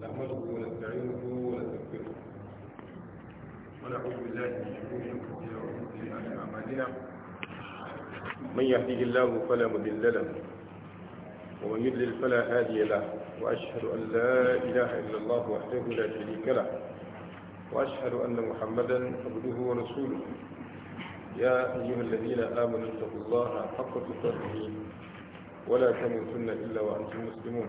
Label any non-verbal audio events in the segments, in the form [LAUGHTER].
نحمده ونستعينه ونستغفره ونعوذ بالله من شرور انفسنا ومن سيئات اعمالنا من يهده الله فلا مضل له ومن يضلل فلا هادي له واشهد ان لا اله الا الله وحده لا شريك له واشهد ان محمدا عبده ورسوله يا أيها الذين آمنوا اتقوا الله حق تقاته ولا تموتن إلا وأنتم مسلمون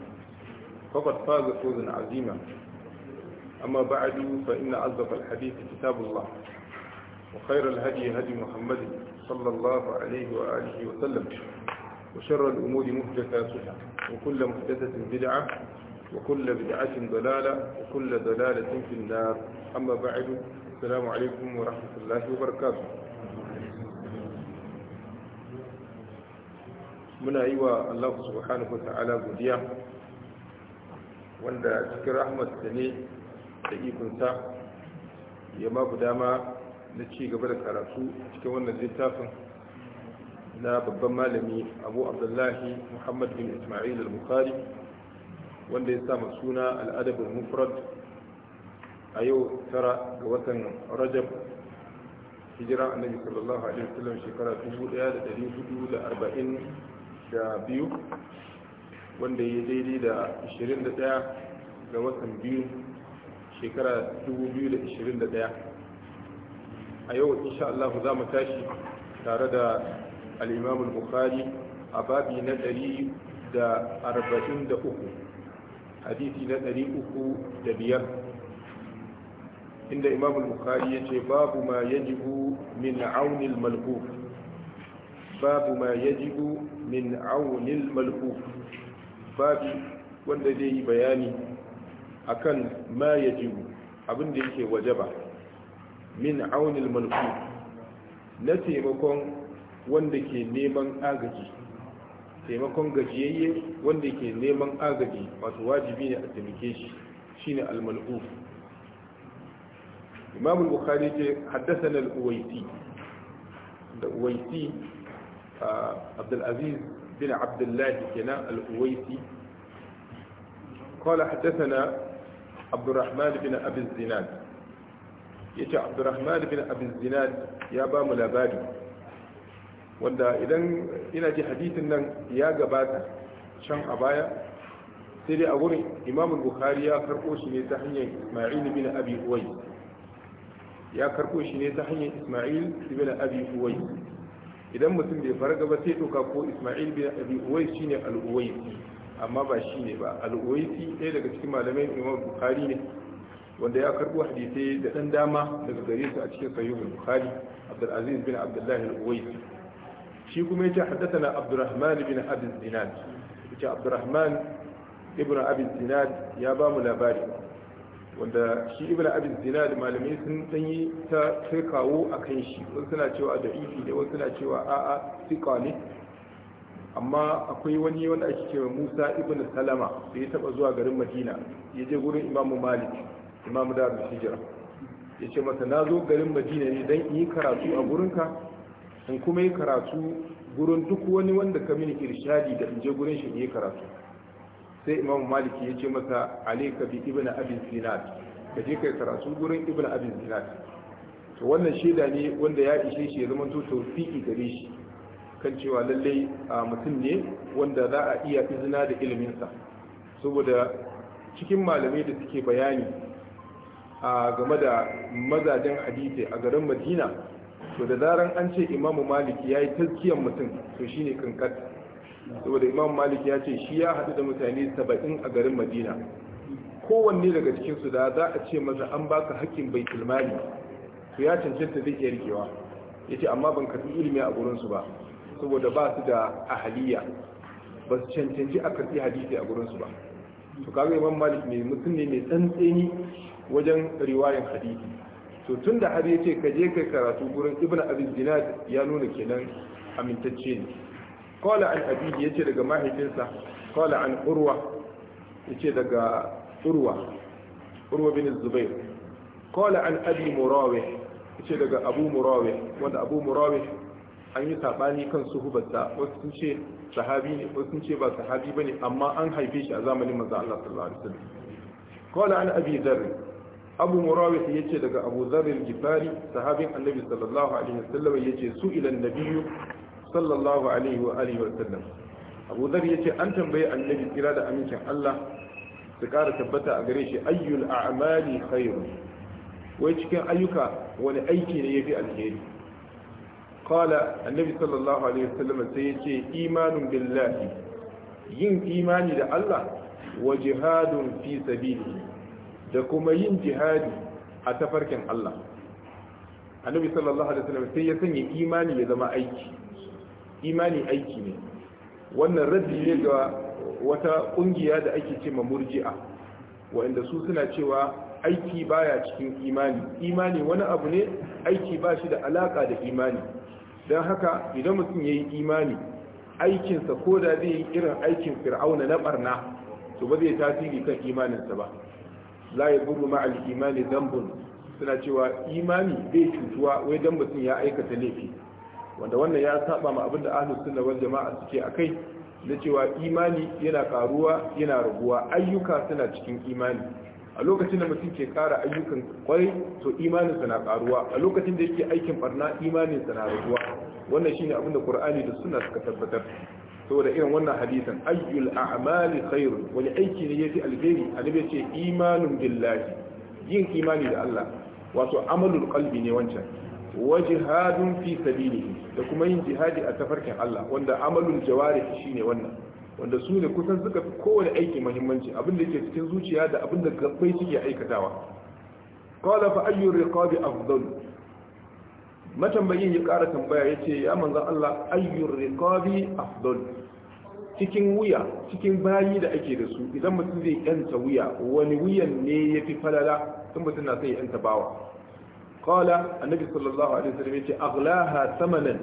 فقد فاز فوزا عظيما أما بعد فإن أصدق الحديث كتاب الله وخير الهدي هدي محمد صلى الله عليه وآله وسلم وشر الأمور محدثاتها وكل محدثة بدعة وكل بدعة ضلالة وكل ضلالة في النار أما بعد السلام عليكم ورحمة الله وبركاته من أيوة الله سبحانه وتعالى wa wanda cikin rahmat da ne da ikonsa ya babu dama na ci gaba da karatu cikin wannan littafin na babban malami abu abdullahi muhammad bin ismail al-bukhari wanda ya sama suna al'adabin mufrad a yau tara ga watan rajab hijira annabi sallallahu alaihi wasallam shekara 1442 wanda ya daidai da 21 ga watan biyu shekara 2021 a yau insha Allah za mu tashi tare da al'imamun bukhari a babi na 143 hadisi na 305 inda imamul bukhari ya ce babu ma yajibu min aunil malhuf babu ma yajibu min aunil malhuf babi wanda zai yi bayani akan ma abinda abin abinda yake wajaba min aunin malfu na taimakon wanda ke neman agaji taimakon gajiyayye wanda ke neman agaji masu wajibi ne a taimake shi shine almalu imamul imam al-bukhari ce haddathana al-uwaisi da uwaisi abdul aziz بن عبد الله كنا الأويسي قال حدثنا عبد الرحمن بن أبي الزناد يجي عبد الرحمن بن أبي الزناد يا بام wanda idan ina ji hadisin nan ya gabata shan a baya sai dai a wurin imamun bukhari ya karɓo shi ne ta hanyar ismail bin abi huwai ya karɓo shi ne ta hanyar ismail bin idan mutum bai farga ba sai doka ko isma'il bin abi uwais shine al-uwaisi amma ba shine ba al ɗaya daga cikin malamai imam bukhari ne wanda ya karbo hadisai da ɗan dama daga gare su a cikin sahihul bukhari abdul aziz bin abdullah al shi kuma yace haddathana abdurrahman bin abi zinad yace abdurrahman ibn abi zinad ya ba mu labari wanda shi ibn abin zina da malamai sun sanyi ta kai kawo a kan shi wasu suna cewa da ifi da wasu suna cewa a'a sika ne amma akwai wani wanda ake cewa musa ibn salama da ya taba zuwa garin madina ya je gurin imamu malik imamu da hijira ya ce masa na zo garin madina ne don yi karatu a gurinka in kuma yi karatu gurin duk wani wanda ka mini irshadi da in je gurin shi yi karatu sai imamu maliki ya ce masa alaika bi ibn abin sinat ka je kai karatu gurin ibn abin sinat to wannan shaida ne wanda ya ishe shi ya zama to tawfiki gare shi kan cewa lallai mutum ne wanda za a iya izina da iliminsa saboda cikin malamai da suke bayani a game da mazajen hadisi a garin madina to da zaran an ce imamu maliki ya yi taskiyar mutum to shine kankat saboda imam malik ya ce shi ya haɗu da mutane saba'in a garin madina kowanne daga cikinsu da za a ce masa an baka hakkin bai tilmani to ya cancanta zai iya rikewa ya ce amma ban karɓi ilimi a gurinsu ba saboda ba su da ahaliya ba su cancanci a karɓi hadisi a gurinsu ba to kaga imam malik mai mutum ne mai tsantseni wajen riwayan hadisi to tun da har ya ce ka je kai karatu gurin ibn abin zinad ya nuna kenan amintacce ne kola an ya ce daga mahaifinsa kola an urwa ya ce daga urwa urwa bin zubair kola an abi ya ce daga abu murawih wanda abu murawih an yi sabani kan suhubarsa wasu sun ce sahabi ne wasu sun ce ba sahabi ba ne amma an haife shi a zamanin manzo Allah sallallahu alaihi wasallam kola an abi dharr abu murawis ya ce daga abu zarar gifari sahabin annabi sallallahu alaihi wasallam ya ce su ilan nabiyu sallallahu alaihi wa alihi wa sallam abu dhar yace an tambaye annabi kira da amincin Allah su kara tabbata a gare shi ayyul a'mali khairun wai cikin ayyuka wani aiki ne yafi alheri qala annabi sallallahu alaihi wa sallam sai yace imanun billahi yin imani da Allah wa jihadun fi sabili da kuma yin jihadi a tafarkin Allah annabi sallallahu alaihi wa sallam sai ya sanya imani ya zama aiki imani aiki ne wannan raddi ne ga wata kungiya da ake ce ma murji'a wa'anda su suna cewa aiki baya cikin imani imani wani abu ne aiki ba shi da alaka da imani don haka idan mutum ya yi imani aikinsa ko da zai yi irin aikin fir'auna na barna to ba zai tasiri kan imaninsa ba la ya buru ma'al imani zambun suna cewa imani zai cutuwa wai dan mutum ya aikata laifi wanda wannan ya saba ma abinda ahlus sunna wal jama'a suke akai na cewa imani yana karuwa yana raguwa ayyuka suna cikin imani a lokacin da mutum ke kara ayyukan kwai to imaninsa na karuwa a lokacin da yake aikin barna imaninsa na raguwa wannan shine abinda qur'ani da sunna suka tabbatar saboda irin wannan hadisin ayyul a'mali khairu wani aiki ne yafi alheri annabi ce imanun billahi yin imani da Allah wato amalul qalbi ne wancan wa fi sabilihi da kuma yin jihadi a tafarkin Allah wanda amalul jawarih shine wannan wanda su ne kusan suka fi kowane aiki muhimmanci abin da yake cikin zuciya da abin da gabbai suke aikatawa qala fa ayyu riqabi afdal matambayin ya kara tambaya yace ya manzon Allah ayyu riqabi afdal cikin wuya cikin bayi da ake da su idan mutum zai yanta wuya wani wuyan ne yafi falala tun mutum na sai yanta bawa kala annabi sallallahu alaihi wasallam yace aghlaha thamanan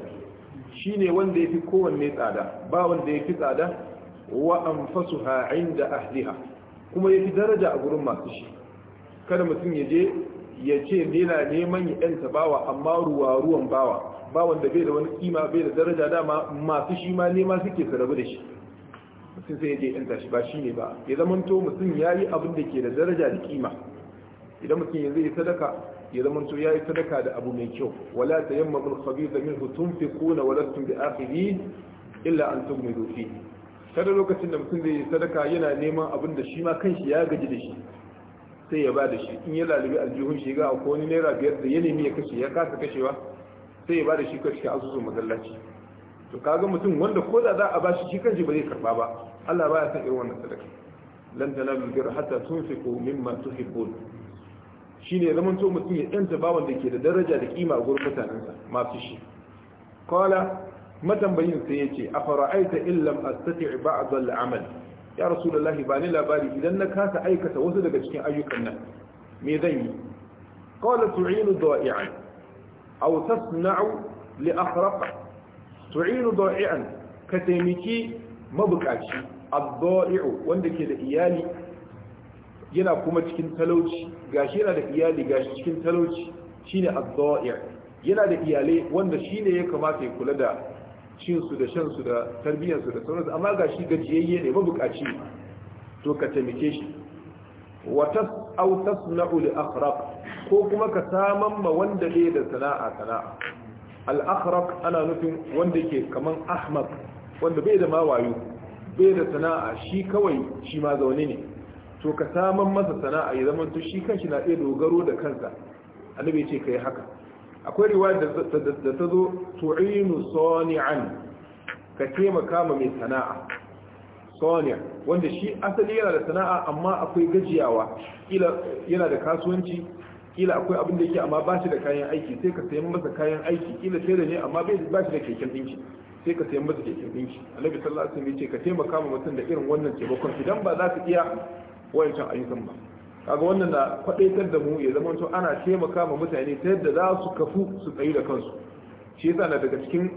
shine wanda yafi kowanne tsada ba wanda yafi tsada wa anfasuha inda ahliha kuma yafi daraja a gurin masu shi kada mutum ya je ya ce yana neman ya yanta bawa amma ruwa ruwan bawa ba wanda bai da wani kima bai da daraja dama masu shi ma nema suke su rabu da shi mutum sai ya je yan shi ba shine ba ya zamanto mutum ya yi abin da ke da daraja da kima idan mutum yanzu ya sadaka ya zama to yi sadaka da abu mai kyau wala tayammamul khabitha minhu tunfiquna wa bi akhihi illa an tughmidu fi kada lokacin da mutum zai sadaka yana neman abin da shi ma kanshi ya gaji da shi sai ya bada shi in ya lalubi aljihun shi ga ko wani naira biyar da ya nemi ya kashe ya kasa kashewa sai ya bada shi kashi asusun magallaci to kaga mutum wanda ko da za a bashi shi kanshi ba zai karba ba Allah baya san irin wannan sadaka lan tanabu bir hatta tunfiqu mimma tuhibbun shine zaman to mutum ya danta bawan da ke da daraja da kima a gurin mutanensa masu shi qala matambayin sai yace afara'aita illam a ba'd al-amal ya da ba ni labari idan na kasa aikata wasu daga cikin ayyukan nan me zan yi kola tu'inu da'i'an aw tasna'u li akhraqa tu'inu da'i'an ka taimaki mabukaci ad-da'i'u wanda ke da iyali yana kuma cikin talauci gashi yana da iyali gashi cikin talauci shine adda'i yana da iyalai wanda shine ya kamata ya kula da cin su da shan su da tarbiyyar su da sauransu amma gashi gajiyayye ne mabukaci to ka taimake shi wa tas aw tasna'u li akhraq ko kuma ka saman ma wanda ne da sana'a sana'a al akhraq ana nufin wanda ke kaman ahmad wanda bai da mawayo bai da sana'a shi kawai shi ma zaune ne to ka saman masa sana'a ya zama to shi kanshi na iya dogaro da kansa annabi ce kai haka akwai riwaya da ta zo tu'inu sani'an ka taimaka ma mai sana'a sani'a wanda shi asali yana da sana'a amma akwai gajiyawa kila yana da kasuwanci kila akwai abin da yake amma ba shi da kayan aiki sai ka sayi masa kayan aiki kila sai da ne amma ba shi da keken dinki sai ka sayi masa keken dinki annabi sallallahu alaihi wasallam ya ce ka taimaka ma mutum da irin wannan taimakon idan ba za ka iya wayancan ayyukan ba kaga wannan na kwadaitar da mu ya zama to ana taimaka ma mutane ta yadda za su kafu su tsayi da kansu shi yasa na daga cikin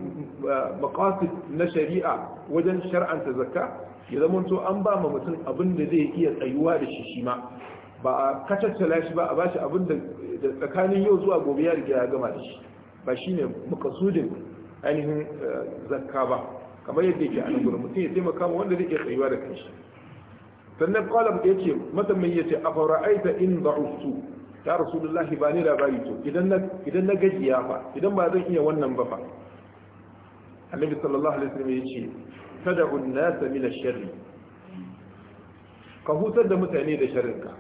eh, maqasid na shari'a wajen shar'anta zakka ya zama to an ba ma mutum abin da zai iya tsayuwa da shi shi ba a kacaccala shi ba a bashi abin da tsakanin yau zuwa gobe ya riga ya gama da shi ba shine makasudin ainihin eh, zakka ba kamar yadda yake a nan gurin mutum ya taimaka ma wanda zai iya tsayuwa da kanshi sannan qalam yace masa mai yace afara'aita in da'ustu ya rasulullahi ba ni labari to idan na idan na gajiya fa idan ba zan iya wannan ba fa annabi sallallahu alaihi wasallam yace tad'u an-nas min ash-sharri ka hutar da mutane da ka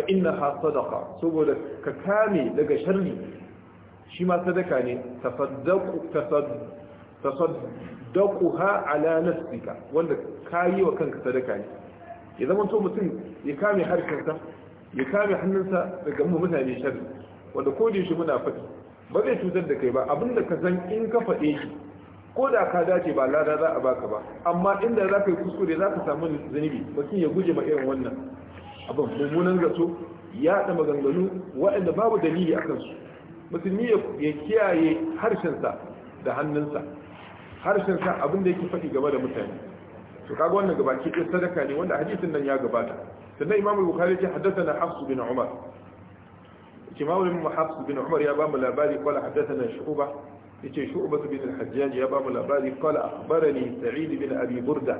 fa ha sadaqa saboda ka kame daga sharri shi ma sadaka ne tasaddaqu tasaddaqu tasaddaquha ala nafsika wanda kayi wa kanka sadaka ne ya zama to mutum ya kame harkarsa ya kame hannunsa daga mu mutane shari wanda ko da shi muna faɗi ba zai cutar da kai ba abinda ka san in ka fade shi ko da ka dace ba lada za a baka ba amma inda za ka yi kuskure za ka samu zunubi mutum ya guje ma irin wannan abin mummunan zato ya da maganganu waɗanda babu dalili a kansu musulmi ya kiyaye harshensa da hannunsa harshen sa abin da yake faɗi game da mutane to kaga wannan gabaki ɗin sadaka ne wanda hadisin nan ya gabata sannan imam bukhari ya haddasa na hafsu bin umar kimamin hafsu bin umar ya ba mu labari qala haddathana shu'ba yace shu'ba bin al-hajjaj ya ba mu labari qala akhbarani sa'id bin abi burda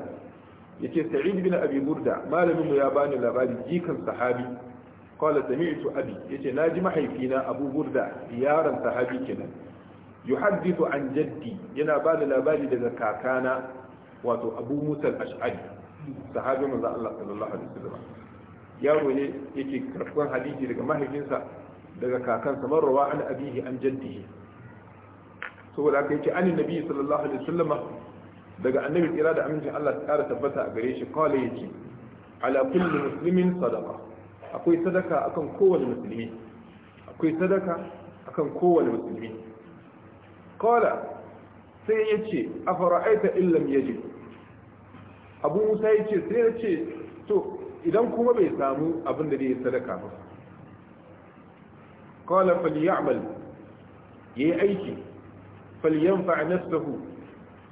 yace sa'id bin abi burda malamin mu ya bani labari jikan sahabi qala sami'tu abi yace naji mahaifina abu burda yaran sahabi kenan yuhaddithu an jaddi yana ba da labari daga kakana wato abu musa al-ash'ari sahabi manzo Allah sallallahu alaihi wasallam yaro ne yake karban hadisi daga mahaifinsa daga kakansa man rawa an abihi an jaddihi saboda haka yake an nabi sallallahu alaihi wasallam daga annabi tsira da amincin Allah ta kara tabbata a gare shi kawai yake ala kulli muslimin sadaqa akwai sadaka akan kowane musulmi akwai sadaka akan kowane musulmi kola sai ya ce a fara'aita illam ya ji abu musa ya ce sai ya ce to idan kuma bai samu abin da zai sadaka ba kola falyamal ya yi aiki falyan fa'anastahu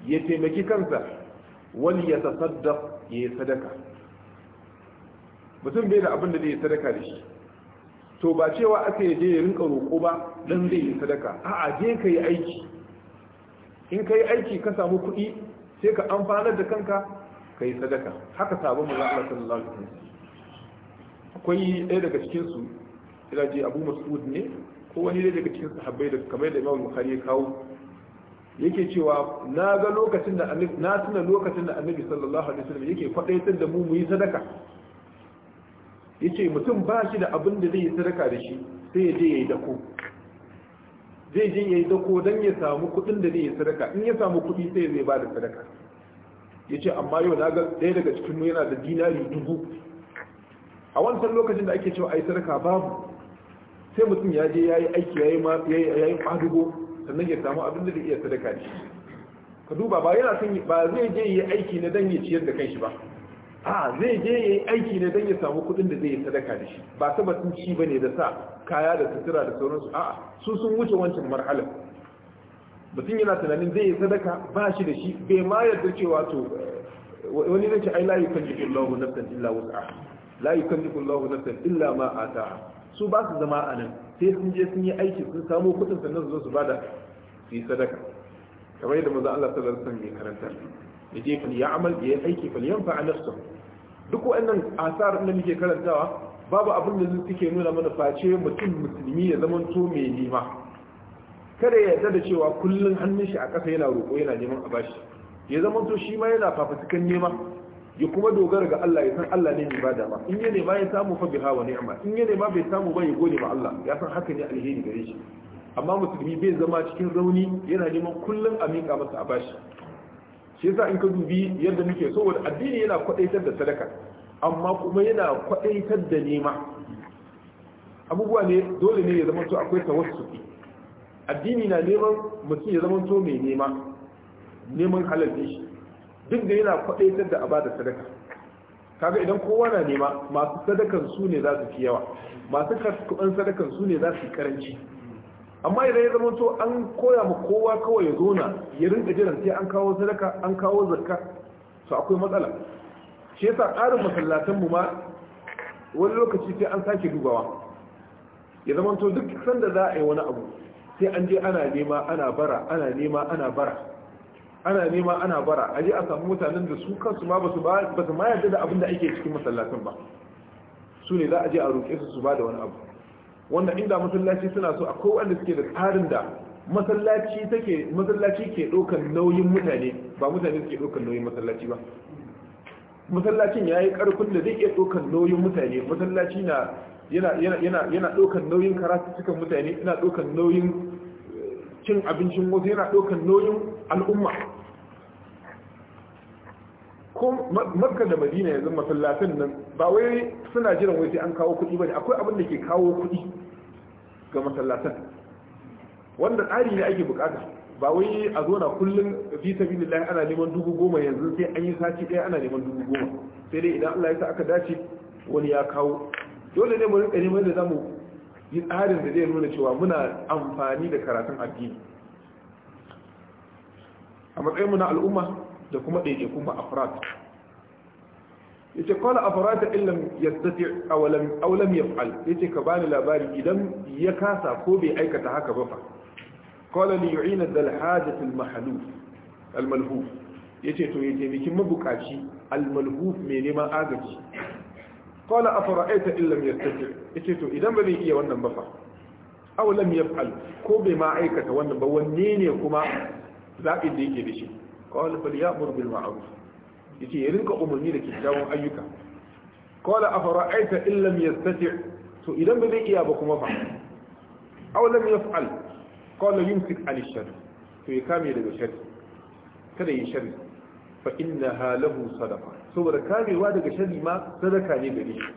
ya taimaki kansa wani ya tasadda ya yi sadaka mutum bai da abin da zai sadaka da shi to ba cewa aka yi je ya rinka roƙo ba don zai yi sadaka a'a je ka yi aiki in ka yi aiki ka samu kuɗi sai ka amfanar da kanka ka yi sadaka haka sabon mu Allah sallallahu alaihi wasallam akwai ɗaya daga cikin su ila ji Abu Mas'ud ne ko wani ɗaya daga cikin sahabbai da kamar da Imam Bukhari ya kawo yake cewa na ga lokacin da annabi na tuna lokacin da annabi sallallahu alaihi wasallam yake kwadaitar da mu mu yi sadaka yace mutum ba shi da abin da zai yi sadaka da shi sai ya je ya yi dako zai je ya yi dako don ya samu kuɗin da zai yi sadaka in ya samu kuɗi sai zai ba da sadaka ya ce amma yau na ga ɗaya daga cikin mu yana da dinari dubu a wancan lokacin da ake cewa a yi sadaka babu sai mutum ya je ya yi aiki ya yi ƙwadugo sannan ya samu abin da zai iya sadaka ne ka duba ba zai je ya yi aiki na dan ya ciyar da shi ba a zai je yayi aiki ne don ya samu kuɗin da zai yi sadaka da shi ba ta batun ci bane da sa kaya da sutura da sauransu a'a su sun wuce wancan marhalar mutum yana tunanin zai yi sadaka ba shi da shi bai ma yarda cewa to wani zai ce ai la yukallifu Allahu nafsan illa wus'aha la yukallifu Allahu nafsan illa ma ataha su ba su zama a nan sai sun je sun yi aiki sun samu kudin sannan su zo su bada su yi sadaka kamar yadda maza Allah sallallahu alaihi wasallam ya karanta ya je ya amal ya aiki fa yanfa nafsuhu duk waɗannan asar da muke karantawa babu abin da suke nuna mana face mutum musulmi ya zama to mai nema kada ya yarda da cewa kullun hannun shi a kasa yana roƙo yana neman a bashi ya zama to shi ma yana fafatukan nema ya kuma dogara ga Allah ya san Allah ne mai bada ba in ya nema ya samu fa biha wa ni'ma in ya nema bai samu ba ya gode ma Allah ya san haka ne alheri gare shi amma musulmi bai zama cikin rauni yana neman kullun a miƙa masa a bashi shi yasa in ka dubi yadda muke Saboda addini yana kwadaitar da sadaka amma kuma yana kwadaitar da nema abubuwa ne dole ne ya zama to akwai tawassuki addini na neman mutum ya zama to mai nema neman halal shi duk da yana kwadaitar da abada sadaka kaga idan kowa na nema masu sadakan su ne za su fi yawa masu karɓan sadakan su ne za su yi karanci amma idan ya zama to an koya ma kowa kawai ya zona ya rinka jiran sai an kawo sadaka an kawo zakka to akwai matsala shi yasa ƙarin masallatan mu ma wani lokaci sai an sake dubawa ya zama to duk sanda za a yi wani abu sai an je ana nema ana bara ana nema ana bara ana nema ana bara a je a samu mutanen da su kansu ma ba su ma yarda da abin da ake cikin masallatan ba su ne za a je a roƙe su su ba da wani abu wanda inda masallaci suna so akwai wanda suke da tsarin da masallaci take masallaci ke ɗaukan nauyin mutane ba mutane suke ɗaukan nauyin masallaci ba masallacin ya yi ƙarfin da zai iya ɗaukan nauyin mutane masallaci na yana yana yana ɗaukan nauyin cikin mutane yana ɗaukan nauyin eh, cin abincin wasu yana ɗaukan nauyin al'umma ko makka da madina yanzu masallatan nan ba wai suna jiran wai sai an kawo kuɗi ba ne akwai abin da ke kawo kuɗi ga masallatan wanda tsari ne ake bukata ba wai a zo na kullum fi sabilillahi ana neman dubu goma yanzu sai an yi sati ɗaya ana neman dubu goma sai dai idan Allah ya sa aka dace wani ya kawo dole ne mu rinka neman da zamu yi tsarin da zai nuna cewa muna amfani da karatun addini a matsayin mu na al'umma da kuma ɗaiɗaikun afrad yace qala afarata illam yastati aw lam ya lam Ya ce ka bani labari idan ya kasa ko bai aikata haka ba fa qala li yu'ina dal hajat al mahluf al malhuf yace to yace miki mabukaci al malhuf mai neman agaji qala afara'aita illam Ya ce to idan ba zai iya wannan ba fa aw lam yaf'al ko bai ma aikata wannan ba wanne ne kuma zabi da yake da shi qala fal ya'mur bil ma'ruf yace ya rinka umarni da kyakkyawan ayyuka qala afara'aita in lam yastati' to idan ba zai iya ba kuma fa aw lam yaf'al qala yumsik 'an ash-shar to ya kame daga shari kada yin shari fa innaha lahu kamewa daga shari ma sadaka ne gare shi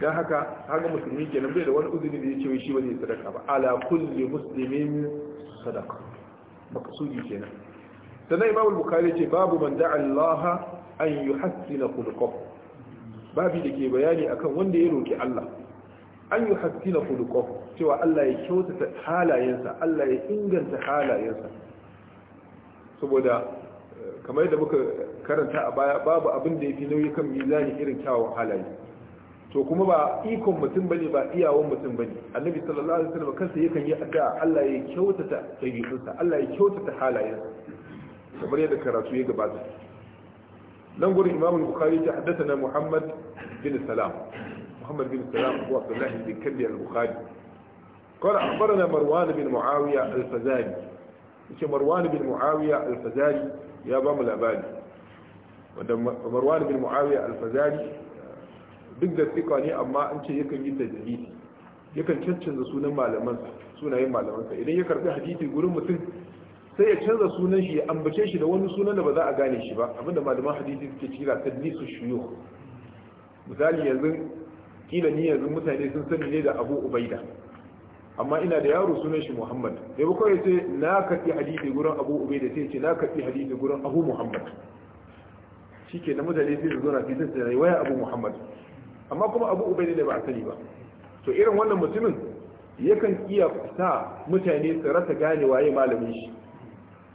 dan haka haka musulmi kenan bai da wani uzuri da ya ce shi ba zai sadaka ba ala kulli muslimin sadaqa maksudi kenan sannan imam bukhari ce babu man da'a Allah an yuhassina khuluqahu babu da ke bayani akan wanda ya roki Allah an yuhassina khuluqahu cewa Allah ya kyautata halayensa Allah ya inganta halayensa saboda eh, kamar da muka karanta a baya babu abin da ya fi nauyi kan mizani irin kyawun halaye to kuma ba ikon mutum bane ba iyawon mutum bane annabi sallallahu alaihi wasallam kansa yakan yi addu'a Allah ya kyautata dabi'unsa Allah ya kyautata halayensa kamar yadda karatu ya gabata nan gurin imam bukhari haddasa na muhammad bin salam muhammad bin salam abu abdullah bin kalbi al-bukhari قال أخبرنا مروان بن معاوية الفزاري يقول مروان بن معاوية الفزاري يا بام الأباني مروان بن معاوية الفزاري duk da tsika ne amma an ce yakan yi tajiri yakan cancanza sunan malamansa sunayen malamansa idan ya karbi hadisi gurin mutum sai ya canza sunan shi ya ambace shi da wani sunan da ba za a gane shi ba abinda malaman hadisi suke kira tadlisu shuyukh misali yanzu kila ni yanzu mutane sun sani ne da Abu Ubaida amma ina da yaro sunan shi Muhammad da ba kawai sai na kafi hadisi gurin Abu Ubaida sai ce na kafi hadisi gurin Abu Muhammad shi ke na mutane sai zuwa zo na fitin sai waya Abu Muhammad amma kuma Abu Ubaida ne ba a sani ba to irin wannan mutumin yakan iya sa mutane su rasa gane waye malamin shi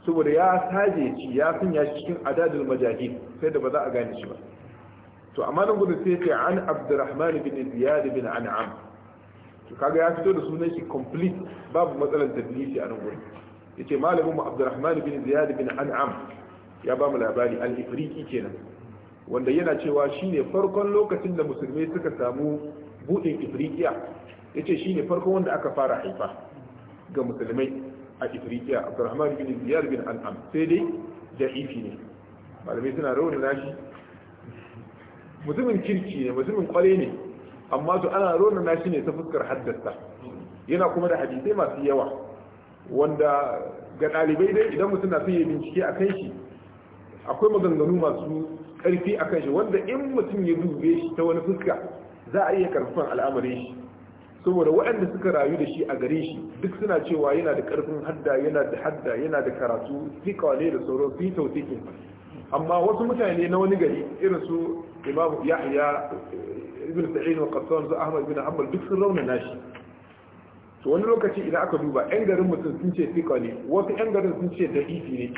saboda ya saje shi ya sanya shi cikin adadul majahid sai da ba za a gane shi ba to amma nan gudu sai ce an abdurrahman bin ziyad bin an'am to kaga ya fito da sunan shi complete babu matsalar tadlisi a nan gudu yace malamin mu abdurrahman bin ziyad bin an'am ya ba mu labari al-ifriqi kenan wanda yana cewa shine farkon lokacin da musulmai suka samu budin ifriqiya yace shine farkon wanda aka fara haifa ga musulmai a ifriqiya abdurrahman bin ziyar bin Al'am, sai dai ifi ne malamai suna rauni nashi mutumin kirki ne mutumin kware ne amma su ana rauni nashi ne ta fuskar haddasa yana kuma da hadisai masu yawa wanda ga ɗalibai dai idan mutum na son bincike a kan shi akwai maganganu masu ƙarfi a kan shi wanda in mutum ya dube shi ta wani fuska za a iya karfafan al'amarin shi saboda waɗanda suka rayu da shi a gare shi duk suna cewa yana da ƙarfin hadda yana da hadda yana da karatu fika ne da sauran fi yi amma wasu mutane na wani gari irin su imamu yahya ibn sa'id wa qassan su ahmad ibn hanbal duk sun rauna nashi to wani lokaci idan aka duba yan garin mutum sun ce fika ne wasu yan garin sun ce da ne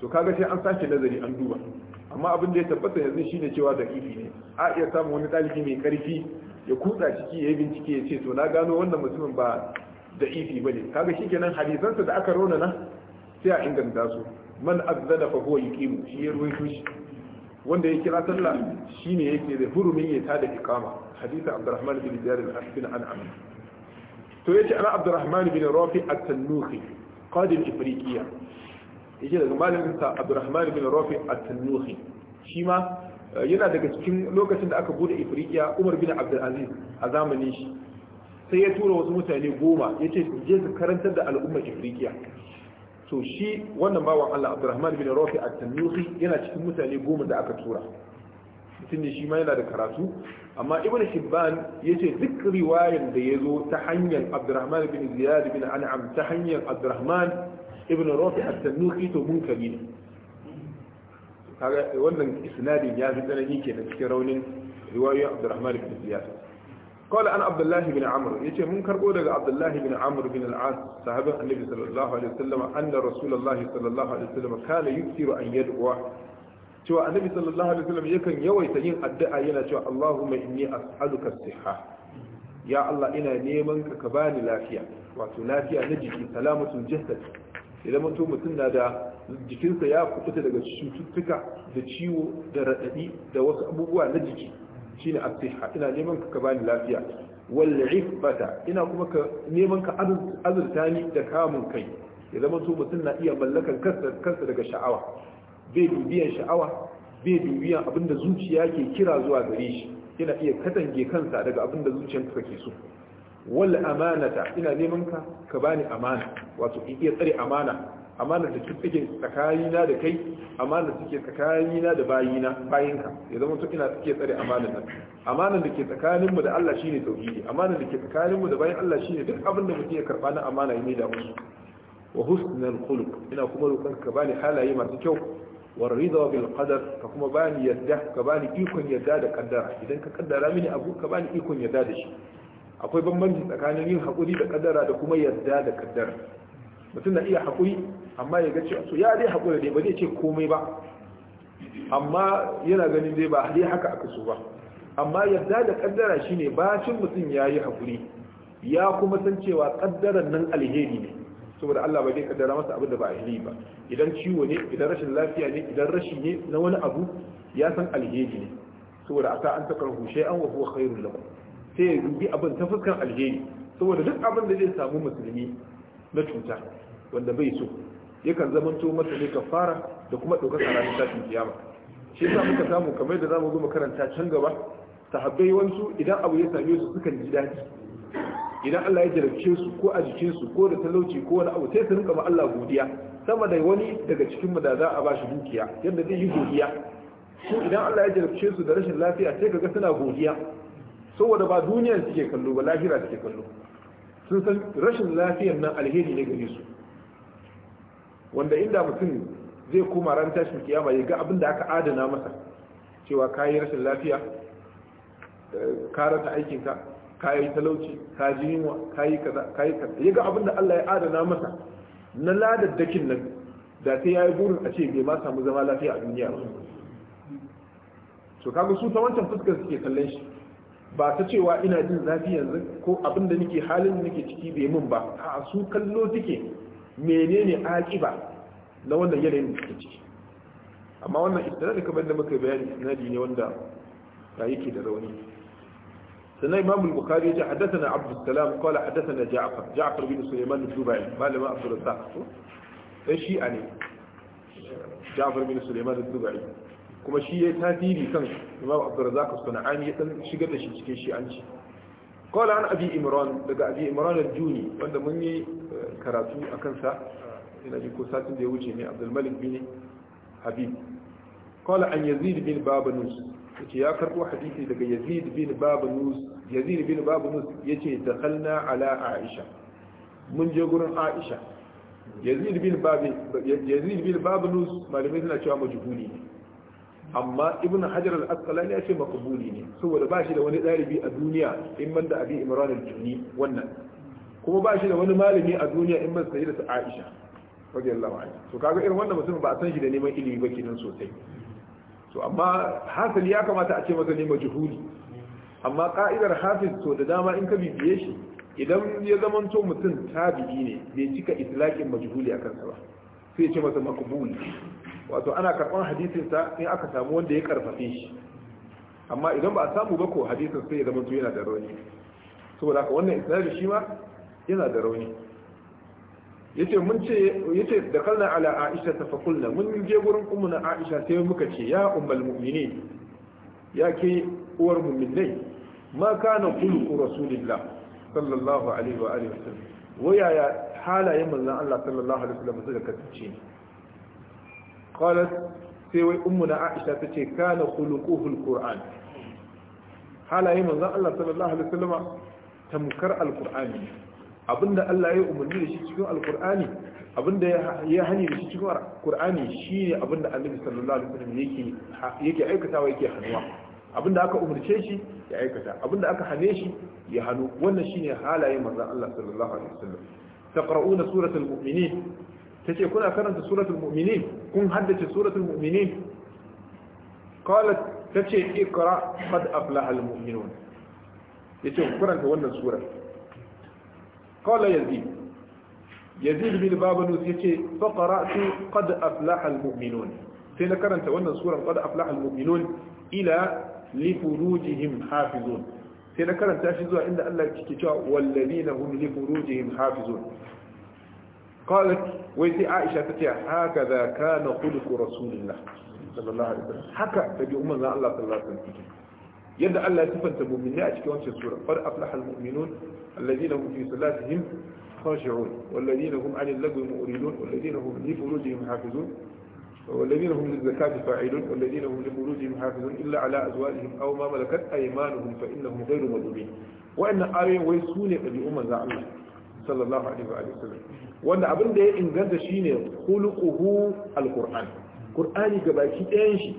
to kaga sai an sake nazari an duba amma abin da ya tabbata yanzu shine cewa da ne a iya samun wani ɗalibi mai karfi ya kutsa ciki ya yi bincike ya ce to na gano wannan mutumin ba da ifi ba ne kaga shikenan hadisansa da aka rona na sai a inganta su man azzada fa huwa yuqimu shi ya ruwaito shi wanda ya kira sallah shi shine yake da hurumin ya tada iqama hadisi abdurrahman bin jarir bin an'am to yace ana abdurrahman bin rafi at-tanuhi qadim ifriqiya yace daga malamin sa abdurrahman bin rafi at tannuhi shi ma yana daga cikin lokacin da aka bude ifriqiya umar bin abdulaziz a zamanin shi sai ya tura wasu mutane goma ya ce je su karantar da al'ummar ifriqiya to shi wannan bawan allah abdurrahman bin rafi a tannuhi yana cikin mutane goma da aka tura mutum ne shi ma yana da karatu amma ibn hibban ya ce duk riwayar da ya zo ta hanyar abdurrahman bin ziyad bin an'am ta hanyar abdurrahman ibn rafi a tannuhi to munkari ne kaga wannan isnadin ya fi tsanani kenan cikin raunin riwayoyin Abdurrahman ibn Ziyad قال أنا عبد الله بن عمرو mun karbo daga عبد الله بن عمرو بن العاص صحابة النبي صلى الله عليه وسلم أن رسول الله صلى الله عليه وسلم كان cewa annabi sallallahu alaihi wasallam yakan yawaita yin addu'a yana cewa Allahumma inni as'aluka as-sihha ya Allah ina neman ka ka bani lafiya wato lafiya na jiki salamatun jasad ya mutum mutum na da jikinsa ya kubuta daga cututtuka da ciwo da raɗaɗi da wasu abubuwa na jiki shine asiha ina neman ka bani lafiya wal ifbata ina kuma ka neman ka azurta ni da kamun kai ya zama mutum na iya mallakan kansa daga sha'awa bai bibiyan sha'awa bai bibiyan abinda zuciya ke kira zuwa gare shi yana iya katange kansa daga abinda zuciyarka ke so wal amanata ina neman ka ka bani amana wato in iya tsare amana amana da tsakayi tsakanina da kai amana da tsakayi tsakanina da bayina bayinka ya zama to ina take tsare amana nan amana da ke tsakanin mu da Allah shine tauhidi amana da ke tsakanin mu da bayin Allah shine duk abin da mutum ya karba na amana ne da musu wa husnul khuluq ina kuma roƙon ka bani halaye masu kyau ka kuma bani yadda ka bani ikon yadda da kaddara idan ka kaddara mini abu ka bani ikon yadda da shi. akwai bambanci tsakanin yin haƙuri da ƙaddara da kuma yarda da ƙaddara mutum na iya haƙuri amma ya ga cewa ya dai haƙuri ne ba zai ce komai ba amma yana ganin dai ba dai haka aka so ba amma yarda da kaddara shine bacin mutum ya yi haƙuri ya kuma san cewa ƙaddaran nan alheri ne saboda Allah ba zai kaddara masa abin da ba alheri ba idan ciwo ne idan rashin lafiya ne idan rashi ne na wani abu ya san alheri ne saboda aka an takarhu shay'an wa huwa khairul lakum sai ya bi abin ta fuskar alheri saboda duk abin da zai samu musulmi na cuta wanda bai so yakan zama to masa ne kafara da kuma ɗaukar a ranar tashin kiyama shi yasa muka samu kamar da zamu zo makaranta can gaba sahabbai wansu idan abu ya same su sukan ji daɗi idan Allah ya jarabce su ko a jikin su ko da talauci ko wani abu sai su rinka ma Allah godiya sama da wani daga cikin mu da za a bashi dukiya yadda zai yi godiya ko idan Allah ya jarabce su da rashin lafiya sai ka ga suna godiya saboda ba duniyar suke kallo ba lahira suke kallo sun san rashin lafiyar nan alheri ne gare su wanda inda mutum zai koma ran tashin kiyama ya ga abin da aka adana masa cewa ka yi rashin lafiya ka rasa aikinka ka yi talauci ka ji yunwa ka yi kaza ka yi kaza ya ga abin da Allah ya adana masa na ladaddakin nan da sai ya yi burin a ce bai ma samu zama lafiya a duniya ba to kaga su ta wancan fuskar suke kallon shi ba ta cewa ina jin zafi yanzu ko abin da nake halin nake ciki bai mun ba a su kallo take menene aƙiba na wannan yanayin da take ciki amma wannan istinadi kamar da muka bayani istinadi ne wanda ya yake da rauni sanai imam al-bukhari ya hadathana haddathana salam qala hadathana ja'far ja'far bin sulaiman al-dubai malama abdul razzaq to sai shi'a ne ja'far bin sulaiman al-dubai kuma shi ya tasiri kan imam abdurrazak as-sana'ani ya dan shigar da shi cikin ci qala an abi imran daga abi imran al-juni wanda mun yi eh, karatu akan sa ina ji ko satin da ya wuce ne abdul malik bin habib qala an yazid bin babanus yace ya karbo hadisi daga yazid bin babanus yazid bin babanus yace dakhalna ala aisha mun je gurin aisha yazid bin babin yazid bin babanus malamai suna cewa majhuli ne amma ibn hajar al-asqalani ya ce makabuli ne saboda ba shi da wani ɗalibi a duniya in man da abi imran al-juni wannan kuma ba shi da wani malami a duniya in man sayyida ta aisha radiyallahu anha to kaga irin wannan mutum ba a san shi da neman ilimi ba kenan sosai to amma hasali ya kamata a ce masa ne majhuli amma ka'idar hafiz to da dama in ka bibiye shi idan ya zamanto mutum tabi'i ne bai cika itlaqin majhuli akan sa ba sai ya ce masa makabuli wato ana karɓar hadisinsa sa in aka samu wanda ya karfafe shi amma idan ba a samu ba ko hadisin sai ya zama to yana da rauni saboda haka wannan isnadin shi ma yana da rauni yace mun ce yace da kalna ala aisha ta fakulna mun je gurin ummu na aisha sai muka ce ya ummul mu'minin ya ke uwar mu'minai ma kana kullu rasulillah sallallahu alaihi wa alihi wasallam wayaya halaye manzon Allah sallallahu alaihi wasallam suka kasance qalat sai wai ummuna aisha ta tace kana khuluquhu alquran halaye manzon Allah sallallahu alaihi wasallama tamkar alqur'ani abinda Allah ya umarni da shi cikin alqur'ani abinda ya hani da shi cikin alqur'ani shine abinda Annabi sallallahu alaihi wasallam yake yake aikatawa yake hanuwa abinda aka umarce shi ya aikata abinda aka hane shi ya hanu wannan shine halaye manzon Allah sallallahu alaihi wasallam taqra'una suratul mu'minin tace kuna karanta suratul mu'minin kun haddace suratul mu'minin qalat tace iqra qad aflaha al mu'minun yace ku karanta wannan sura qala yazid yazid bin babanus yace fa qara'tu qad aflaha al mu'minun sai na karanta wannan suran qad aflaha al mu'minun ila li furujihim hafizun sai na karanta shi zuwa inda Allah yake cewa wallazina hum li furujihim hafizun قالت ويتي عائشة تتيا هكذا كان خلق رسول الله صلى الله عليه وسلم حكى تجي أمنا الله صلى الله عليه وسلم يدعى الله سفنت مؤمنين أشكي وانشي السورة قد أفلح المؤمنون الذين هم في صلاتهم خاشعون والذين هم عن اللقو مؤردون والذين هم لفروجهم حافظون والذين هم للزكاة فاعلون والذين هم لفروجهم حافظون إلا على أزوالهم أو ما ملكت أيمانهم فإنهم غير مدومين وإن آرين ويسوني أبي أمنا الله sallallahu alaihi wa sallam wanda abin da ya inganta shine khuluquhu alquran qur'ani gabaki ɗayan shi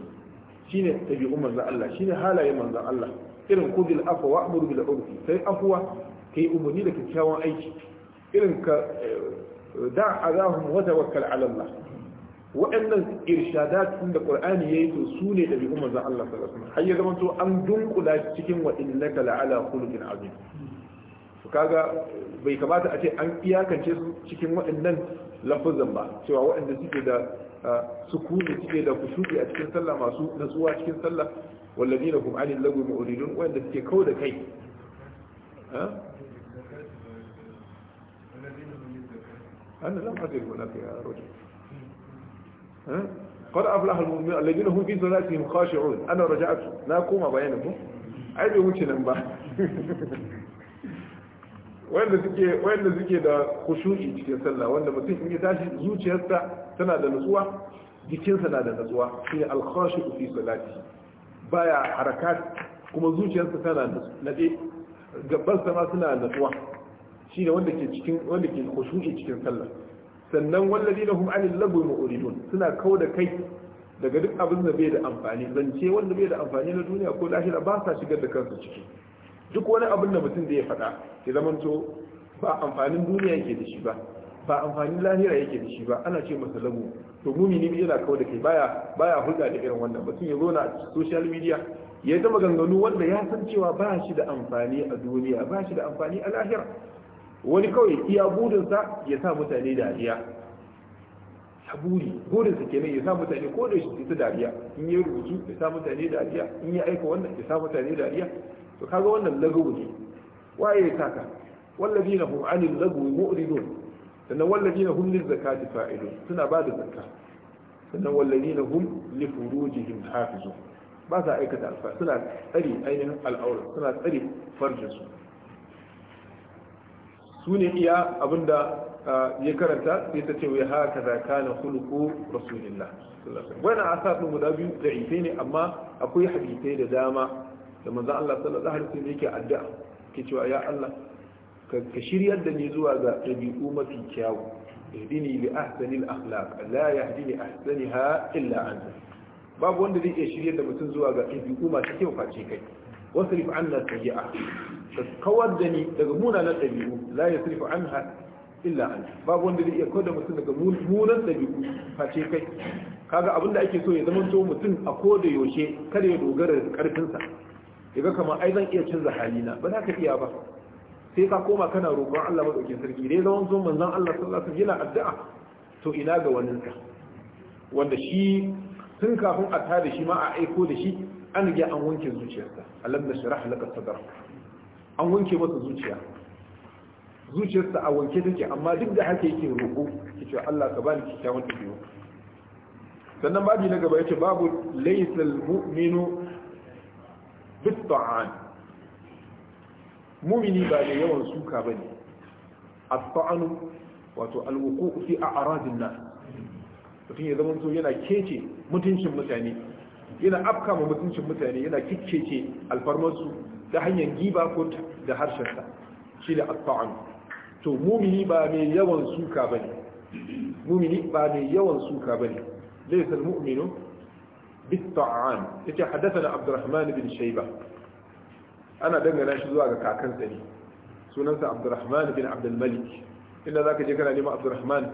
shine tabi'un manzon Allah shine halayen manzon Allah irin kudil afwa wa'muru bil urfi sai afwa kai umuni da kyakkyawan aiki irin ka eh, da azahum wa tawakkal ala Allah wa'annan irshadat din da qur'ani yayi to su ne tabi'un manzon Allah sallallahu alaihi wa sallam har ya zama to an dunkula cikin wa innaka la'ala khuluqin azim kaga bai kamata a ce an iyakance su cikin waɗannan lafazan ba cewa waɗanda suke da sukuni suke da kushuɗi a cikin sallah masu nasuwa cikin sallah wallazi da kuma anin lagu ma'uridun waɗanda suke kau da kai أنا قد أفلح المؤمنين الذين هم في صلاتهم خاشعون أنا رجعت لا كوما بيانهم أي بيوتي نمبا wanda suke wanda suke da khushu'i cikin sallah wanda mutum in ya tashi zuciyarsa tana da nutsuwa jikinsa na da nutsuwa shine al-khashu fi salati baya harakat kuma zuciyarsa tana da nade gabansa ma suna nutsuwa shine wanda ke cikin wanda ke khushu'i cikin sallah sannan walladina hum anil lagwi mu'ridun suna kauda kai daga duk abin da bai da amfani zance wanda bai da amfani na duniya ko lahira ba sa shigar da kansu ciki duk wani abin da mutum da ya faɗa ya zamanto ba amfanin duniya yake da shi ba ba amfanin lahira yake da shi ba ana ce masa lagu to ne yana kawo da kai baya baya hulɗa da irin wannan mutum ya zo na social media ya ta maganganu wanda ya san cewa ba shi da amfani a duniya ba shi da amfani a lahira wani kawai iya burinsa ya sa mutane dariya saburi burinsa kenan ya sa mutane ko da shi ta dariya in yi rubutu ya sa mutane dariya in yi aika wannan ya sa mutane dariya to kaga wannan lagawu ne waye ya saka wallazina hum anil lagwi mu'ridun sannan wallazina hum lil zakati fa'ilun suna ba da zakka sannan wallazina hum li furujihim hafizun ba sa aikata alfa suna tsari ainihin al'aura suna tsari farjin su su ne iya abinda ya karanta sai ta ce wai haka za ka na hulku rasulillah wani asar ɗin guda biyu da ife ne amma akwai hadisai da dama da manzo Allah sallallahu alaihi wasallam yake addu'a ke cewa ya Allah ka shiryar da ni zuwa ga ɗabi'u mafi kyawu ihdini li ahsani al-akhlaq la yahdini ahsaniha illa anta babu wanda zai iya shiryar da mutum zuwa ga ɗabi'u masu kyau face kai wasrif anna sayyi'a ka kawar da ni daga munanan ɗabi'u la yasrifu anha illa anta babu wanda zai iya kawar da mutum daga munan ɗabi'u face kai kaga abinda ake so ya zama to mutum a koda yaushe kada ya dogara da karfinsa yaga kamar ai zan iya canza halina ba za ka iya ba sai ka koma kana roƙon Allah madaukakin sarki dai zaman zuwan manzon Allah sallallahu alaihi wasallam yana addu'a to ina ga wannan ka wanda shi tun kafin a tada shi ma a aiko da shi an riga an wanke zuciyarsa alam nashrah laka sadrak an wanke masa zuciya zuciyarsa a wanke take amma duk da haka yake roƙo yake Allah ka bani kikkiawan dabi'u sannan babu na gaba yace babu laysal mu'minu duk mumini ba da yawan suka bane at-ta'anu wato al-wuqu'u fi a'radin nas mutum ya zama to yana kece mutuncin mutane yana afka ma mutuncin mutane yana kikkece alfarmarsu ta hanyar giba ko da harshensa shi da at-ta'anu to mumini ba mai yawan suka bane mumini ba mai yawan suka bane laysa al-mu'minu bitta'an yace haddathana Abdurrahman bin Shayba ana dangana shi zuwa ga kakan tsari sunansa Abdurrahman bin Abdul Malik inda zaka je kana neman Abdurrahman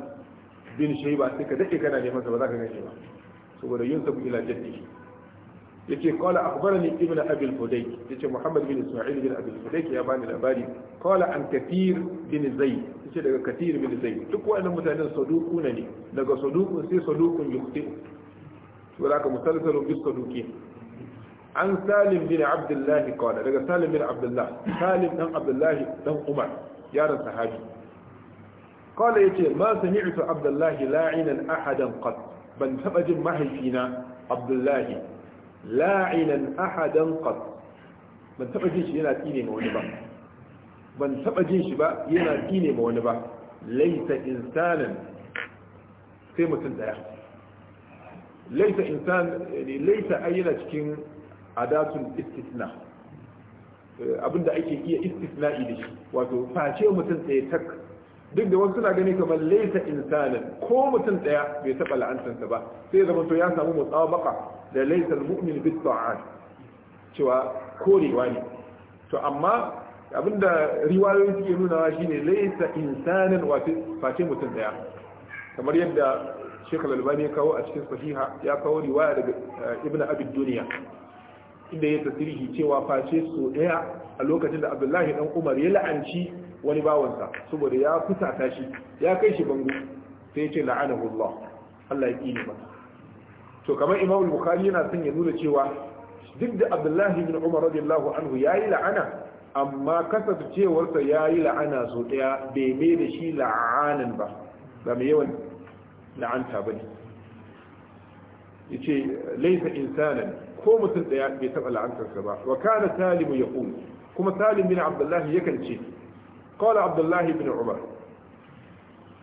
bin Shayba sai ka dade kana neman sa ba zaka gane ba saboda yunsabu ila jaddi yace qala akhbarani ibnu abi al-fudayk yace Muhammad bin Isma'il bin Abi al ya bani labari qala an kathir bin Zayd yace daga kathir bin Zayd duk mutanen ne daga saduku sai sadukun yuqti saboda haka musalsalun bis saduqi an salim bin abdullahi qala daga salim bin abdullah salim dan abdullahi dan umar yaron sahabi qala yace ma sami'tu abdullahi la'inan ahadan qat ban taba jin mahaifina abdullahi la'inan ahadan qat ban taba jin shi yana tsine ma wani ba ban taba jin ba yana tsine ma wani ba laysa insanan sai mutum daya laisa insan laisa ayyana cikin adatun istisna abinda ake iya istisna'i da wato face mutum tsaye tak duk da wasu na gani kamar laisa insanin ko mutum daya bai taba la'antarsa ba sai zama to ya samu mutsabaka da laisa mu'min bi ta'an cewa korewa ne to amma abinda riwayoyi suke nuna shine laisa insanin wato face mutum daya kamar yadda shekul albani ya kawo a cikin sahiha ya kawo riwaya daga eh, ibn abid duniya inda ya tasirihi cewa face so daya a lokacin da abdullahi dan umar ya la'anci wani bawansa saboda ya fusata shi ya kai shi bango sai ya ce la'anahu allah allah ya kini masa to kamar imam bukhari yana son ya nuna cewa duk da abdullahi Ibn umar radiyallahu anhu yayi la'ana amma kasance cewarsa yayi la'ana so daya bai mai da shi la'anan ba ga mai yawan la'anta bane ce laifin insanan ko mutum daya bai taɓa la'antarsa ba wa kana salim yaqul kuma salim bin ya kan ce qala abdullahi ibn umar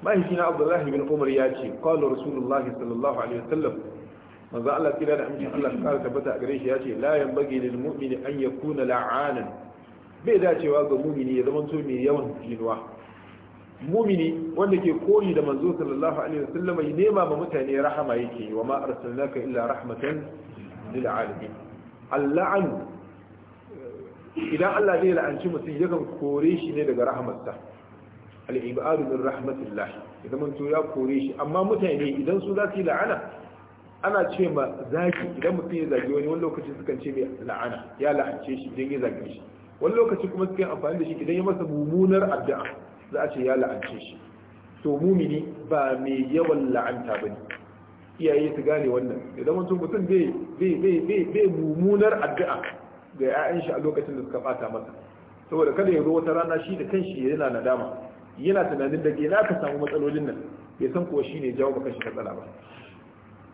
na abdullahi bin umar ya ce qala rasulullahi sallallahu alaihi wasallam manzo Allah kira da amince Allah kara tabbata a gare shi ya ce la yanbaghi lil mu'mini an yakuna la'anan bai dacewa ga mu'mini ya zama to mai yawan jinuwa mumini wanda ke koyi da manzo sallallahu alaihi wasallam ya nema ba mutane rahama yake wa ma arsalnaka illa rahmatan lil alamin al'an idan Allah zai la'anci mutum yakan kore shi ne daga rahmatsa al'ibadu min rahmatillah idan to ya kore shi amma mutane idan su za su yi la'ana ana ce ma zaki idan mutum ya zagi wani wani lokaci sukan ce mai la'ana ya la'ance shi idan ya zagi shi wani lokaci kuma suke amfani da shi idan ya masa mummunar addu'a za a ce ya la'ance shi to mumini ba mai yawan la'anta ba ne. iyaye su gane wannan idan wancan mutum bai mummunar addu'a ga 'ya'yan shi a lokacin da suka bata masa saboda kada ya zo wata rana shi da kanshi yana nadama yana tunanin da ke na samu matsalolin nan bai san kuwa shi ne jawo maka shi matsala ba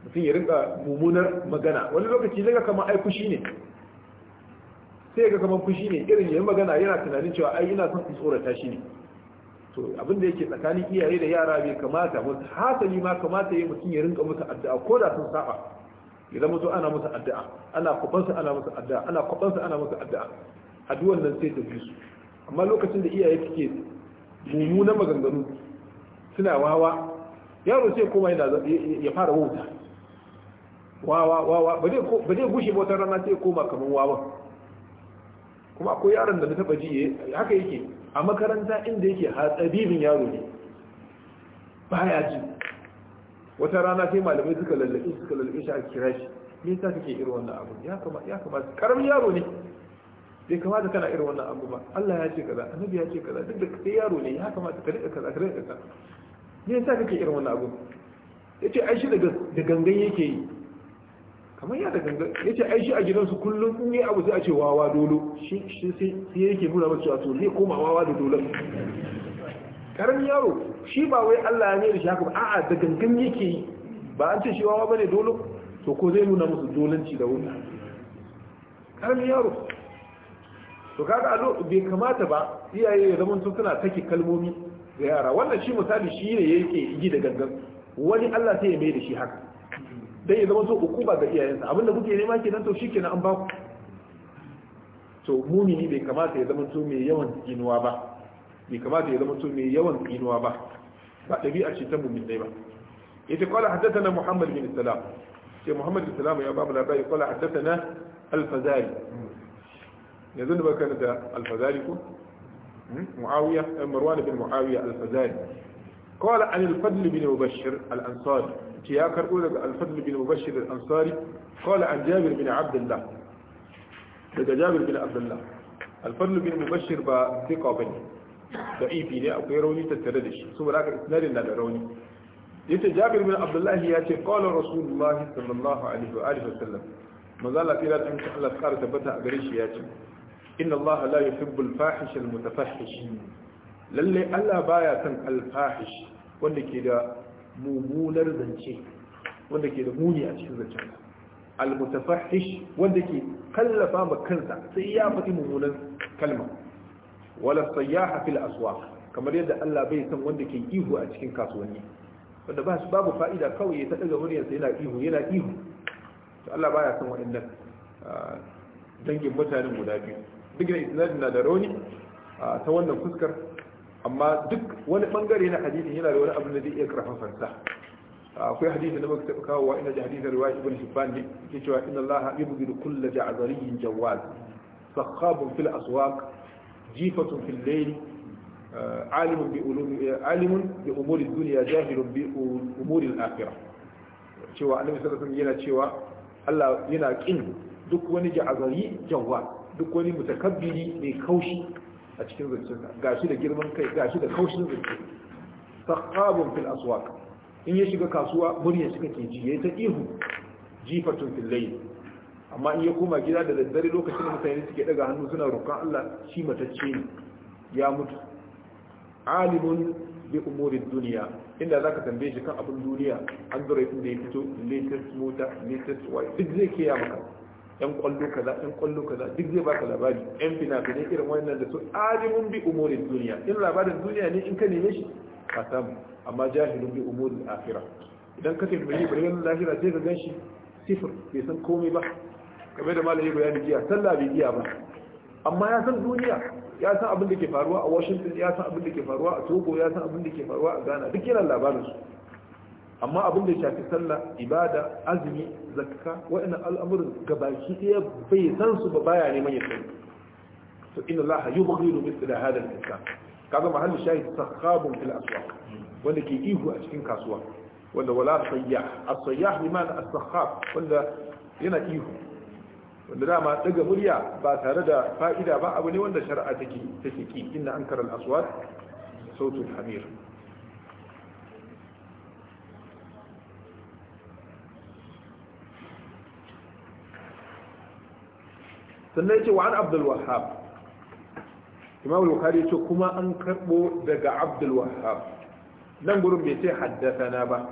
mutum ya rinka mummunar magana wani lokaci zai ga kamar ai fushi ne sai ga kamar fushi ne irin yayin magana yana tunanin cewa ai ina son in tsorata shi ne to abin da yake tsakanin iyaye da yara bai kamata musu hasali ma kamata yi mutum ya rinka musu addu'a ko da sun saba ya zama so ana musu addu'a ana kwabansu ana musu addu'a ana kwabansu ana musu addu'a addu'an nan sai ta bi su amma lokacin da iyaye suke mummunan maganganu suna wawa yaro sai yana ya fara wauta wawa wawa ba zai gushe ba wata rana sai koma kamar wawa kuma akwai yaron da na taba ji haka yake a makaranta inda yake hatsabibin yaro ne ba ya ji wata rana sai malamai suka lallabe suka lallabe shi a kira shi ne ta kake irin wannan abu ya kama ya karamin yaro ne bai kamata kana irin wannan abu ba Allah ya ce kaza annabi ya ce kaza duk da kai yaro ne ya kamata ka rika kaza ka rika kaza me ta kake irin wannan abu yace ai shi da gangan yake yi kamar yana ganga ya ce aishi a gidansu kullum in ne abu sai a ce wawa dolo shi sai yake nuna masu cewa to zai koma wawa da dolo karan yaro shi ba wai Allah ne da shi haka ba a'a da gangan yake yi ba an ce shi wawa bane dolo to ko zai nuna musu dolanci da wuta karan yaro to kaga alo bai kamata ba iyaye ya zama sun suna take kalmomi ga yara wannan shi misali shi ne yake yi da gangan wani Allah sai ya mai da shi haka dan ya zama to hukuma ga iyayensa abinda kuke nema kenan to shikenan an ba ku to mumini bai kamata ya zama to mai yawan tsinuwa ba bai kamata ya zama to mai yawan tsinuwa ba ba dabi'a ce ta mumin dai ba yace qala haddathana muhammad bin salam sai muhammad bin salam ya babu labari qala haddathana al-fazari yanzu da baka da al-fazari ko معاوية مروان بن معاوية الفزاري قال عن الفضل بن مبشر الأنصاري ya karbo daga al-fadl bin mubashir al-ansari qala an jabir bin abdullah daga bin abdullah al-fadl bin mubashir ba thiqa bane da'ifi ne akwai rauni tattare da shi saboda haka isnadin na da rauni yace jabir bin ya ce qala rasulullahi sallallahu alaihi wa alihi wasallam manzo Allah tsira da Allah tsara tabbata a gare shi ya ce inna Allah la yuhibbu al-fahish al-mutafahish lalle Allah baya son al wanda ke da mummunar zance wanda ke da muni a cikin zancen al-mutafahish wanda ke kallafa ma kansa sai ya faɗi mummunan kalma wala sayyaha fil aswaq kamar yadda Allah bai san wanda ke ihu a cikin kasuwanni wanda ba su babu fa'ida kawai ya ta daga muryarsa yana ihu yana ihu to Allah baya san waɗannan ah, dangin mutanen guda biyu duk da isnadin na da rauni ah, ta wannan fuskar amma duk wani bangare na hadisin yana da wani abin da zai iya karfan fansa akwai hadisi da muka taɓa kawowa ina ji hadisin riwaya ibn hibban ne yake cewa inna allah yubghidu kullu ja'zariyin jawwal sakhabun fil aswaq jifatun fil layl alimun bi ulumi alimun bi umuri dunya jahilun bi umuri al-akhirah cewa annabi sallallahu alaihi wasallam yana cewa Allah yana kin duk wani ja'zari jawwal duk wani mutakabbiri mai kaushi a cikin ga gashi da girman kai gashi da kaushin zance saqabun fil aswak in ya shiga kasuwa murya shi kake ji yi ta ihu jifatun fil layl amma in ya koma gida da daddare lokacin da mutane suke daga hannu suna roƙon Allah shi matacce ne ya mutu alimun bi umurid duniya inda zaka tambaye shi kan abin duniya an zura inda ya fito latest mota latest wife duk zai kiyaye maka yan kwallo kaza yan kwallo kaza duk zai baka labari yan fina-finai irin wannan da su alimun bi umurin duniya in labarin duniya ne in ka neme shi ka samu amma jahilun bi umurin akhirah idan ka tafi mai bayan lahira sai ka ganshi sifir bai san komai ba kamar da malami bayani giya sallah bai giya ba amma ya san duniya ya san abin da ke faruwa a Washington ya san abin da ke faruwa a Togo ya san abin da ke faruwa a Ghana duk yana labarin su amma abin da shafi sallah ibada azumi zakka wa'annan al'amuran gabaki ɗaya bai san su ba baya neman ya sani to inna Allah yubghidu mithla hadha al-insan kaga mahallu shahid sakhabun fil aswaq wanda ke ihu a cikin kasuwa wanda wala sayyah as-sayyah bi ma'ana as-sakhab wanda yana ihu wanda dama daga murya ba tare da fa'ida ba abu ne wanda shari'a take take ki inna ankara al-aswat sautul hamir sannan yace wa an abdul wahhab imam al-bukhari yace kuma an karbo daga abdul wahhab nan gurin bai ce na ba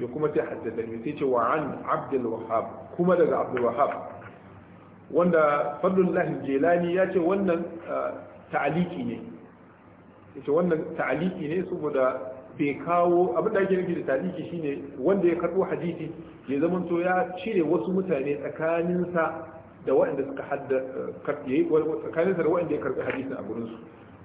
ya kuma ce ne sai ce wa an abdul wahhab kuma daga abdul wahhab wanda fadlullahi jilani yace wannan ta'aliki ne yace wannan ta'aliki ne saboda bai kawo abin da ake nufi da ta'aliki shine wanda ya karbo hadisi ya zamanto ya cire wasu mutane tsakaninsa da waɗanda suka hadda eh, karɓi da waɗanda ya karɓi hadisin a gurin su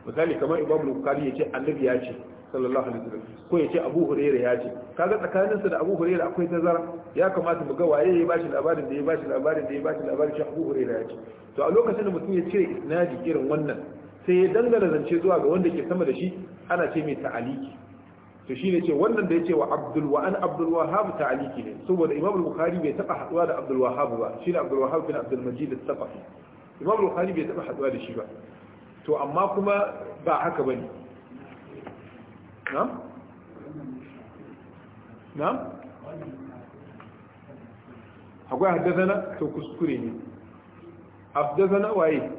misali kamar imamu bukari ya ce annabi ya ce sallallahu alaihi wasallam ko ya ce abu hurairah ya ce kaga tsakanin sa da abu hurairah akwai tazara ya kamata mu ga waye ya bashi labarin da ya bashi labarin da ya bashi labarin shi abu hurairah ya ce to a lokacin da mutum ya cire isnadi irin wannan sai ya dangana zance zuwa ga wanda ke sama da shi ana ce mai ta'aliki to shine ce wannan da yace wa Abdul wa an Abdul Wahhab ta'aliki ne saboda Imam Bukhari bai taba haduwa da Abdul Wahhab ba shine Abdul Wahhab bin Abdul Majid al-Thaqafi Imam Bukhari bai taba haduwa da shi ba to amma kuma ba haka bane na'am na'am akwai haddazana to kuskure ne haddazana waye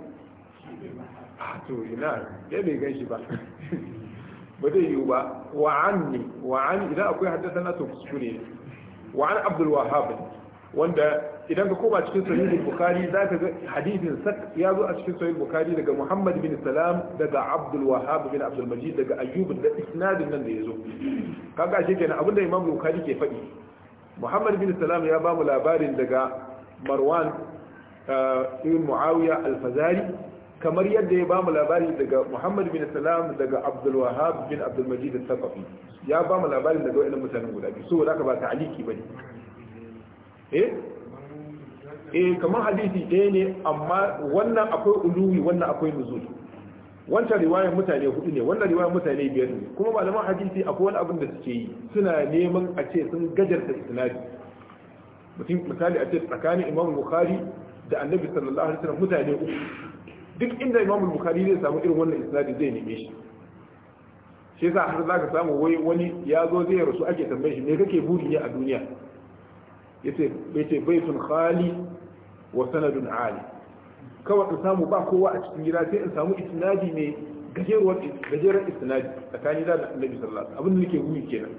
ah, to ina dai bai gan shi ba [LAUGHS] ba zai yiwu ba wa anni wa an idan akwai haddasa to kuskure ne wa an abdul wahhab wanda idan ka koma cikin sahih bukhari zaka ga hadithin sak ya zo a cikin sahih bukhari daga muhammad bin salam daga abdul wahhab bin abdul majid daga ayyub da isnadin nan da yazo kaga shi kenan abinda imam bukhari ke faɗi muhammad bin salam ya ba mu labarin daga marwan eh, ibn muawiya al-fazari kamar yadda ya bamu labari daga Muhammad bin Salam daga Abdul Wahhab bin Abdul Majid al-Thaqafi ya bamu labari daga wannan mutanen guda biyu saboda zaka ba aliki bane eh eh kamar hadisi ɗaya ne amma wannan akwai uluwi wannan akwai nuzul wancan riwayar mutane hudu ne wannan riwayar mutane biyar ne kuma malaman hadisi akwai wani abin da suke yi suna neman a ce sun gajarta isnadi mutum misali a ce tsakanin imam bukhari da annabi sallallahu alaihi wasallam mutane uku duk inda imam bukhari zai samu irin wannan isnadi zai neme shi shi yasa har zaka samu wai wani ya zo zai rasu ake tambaye shi me kake buri ne a duniya yace yace baitun khali wa sanadun ali kawai in samu ba kowa a cikin gida sai in samu isnadi ne gajeruwar gajeren isnadi tsakani da annabi sallallahu alaihi wasallam abin da nake buri kenan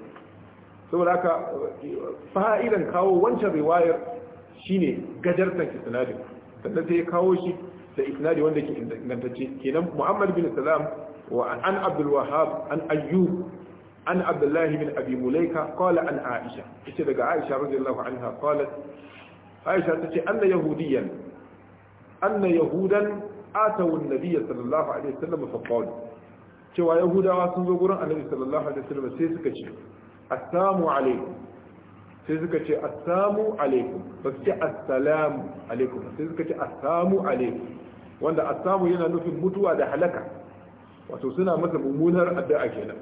saboda haka fa'idan kawo wancan riwayar shine gajartan isnadin sannan sai ya kawo shi da isnadi wanda ke ingantacce kenan muhammad bin salam wa an abdul wahab an ayyub an abdullah bin abi mulaika qala an aisha ita daga aisha radiyallahu anha qalat aisha ta tace anna yahudiyan anna yahudan atawu an-nabiy sallallahu alaihi wasallam fa qalu cewa yahudawa sun zo gurin annabi sallallahu alaihi wasallam sai suka ce assalamu alaikum sai suka ce assalamu alaikum ba su ce assalamu alaikum sai suka ce assalamu alaikum wanda a samu yana nufin mutuwa da halaka wato suna masa mummunar addu'a kenan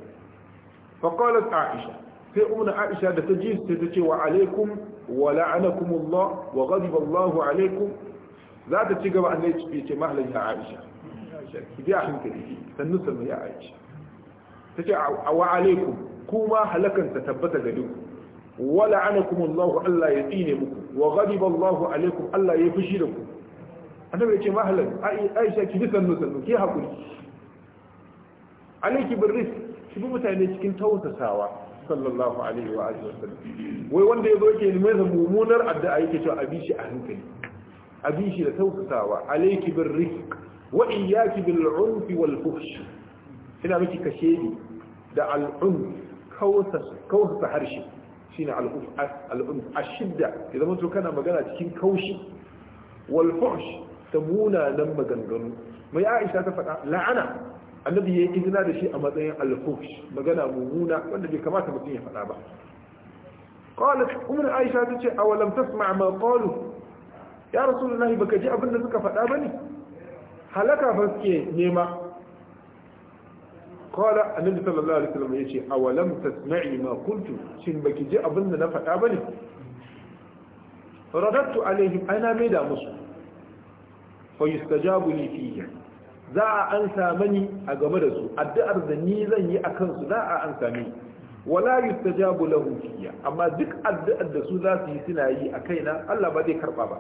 fa qalat aisha sai umma aisha da ta ji sai ta ce wa alaikum wa Allah, wa ghadiba Allahu alaikum za ta ci gaba annabi ya ce mahlan ya aisha ki ji a hankali sannu sannu ya aisha ta ce wa alaikum kuma halakan ta tabbata ga duk wa la'anakumullahu Allah Allah ya tsine muku wa ghadiba Allahu alaikum Allah ya fushi da ku annabi ya ce mahalar aisha ki bi sannu sannu ki haƙuri alaiki birris ki bi mutane cikin tausasawa sallallahu alaihi wa alihi wasallam wai wanda ya zo yake neman sa mummunar addu'a yake cewa abi shi a hankali abi shi da tausasawa alaiki birris wa iyyaki bil unfi wal fuhsh ina miki kashe kashedi da al unf kausa harshe shine al unf al unf ashidda idan mutum kana magana cikin kaushi wal fuhsh ta munanan maganganu mai aisha ta faɗa la'ana annabi ya yi izina da shi a matsayin alfush magana mummuna wanda bai kamata mutum ya faɗa ba qalat ummu aisha ta ce awalam tasma ma qalu ya rasulullahi baka ji abin da suka faɗa bane halaka fa suke nema قال النبي صلى الله عليه وسلم يجي أولم تسمعي ما قلت شن بكي جاء بلنا نفع أبني رددت عليهم أنا ميدا مصر fa yustajabu li fihi za a ansa mani a game da su addu'ar da ni zan yi akan su za a ansa mini wala yustajabu lahu fiya amma duk addu'ar da su za su yi suna yi a kaina Allah ba zai karba ba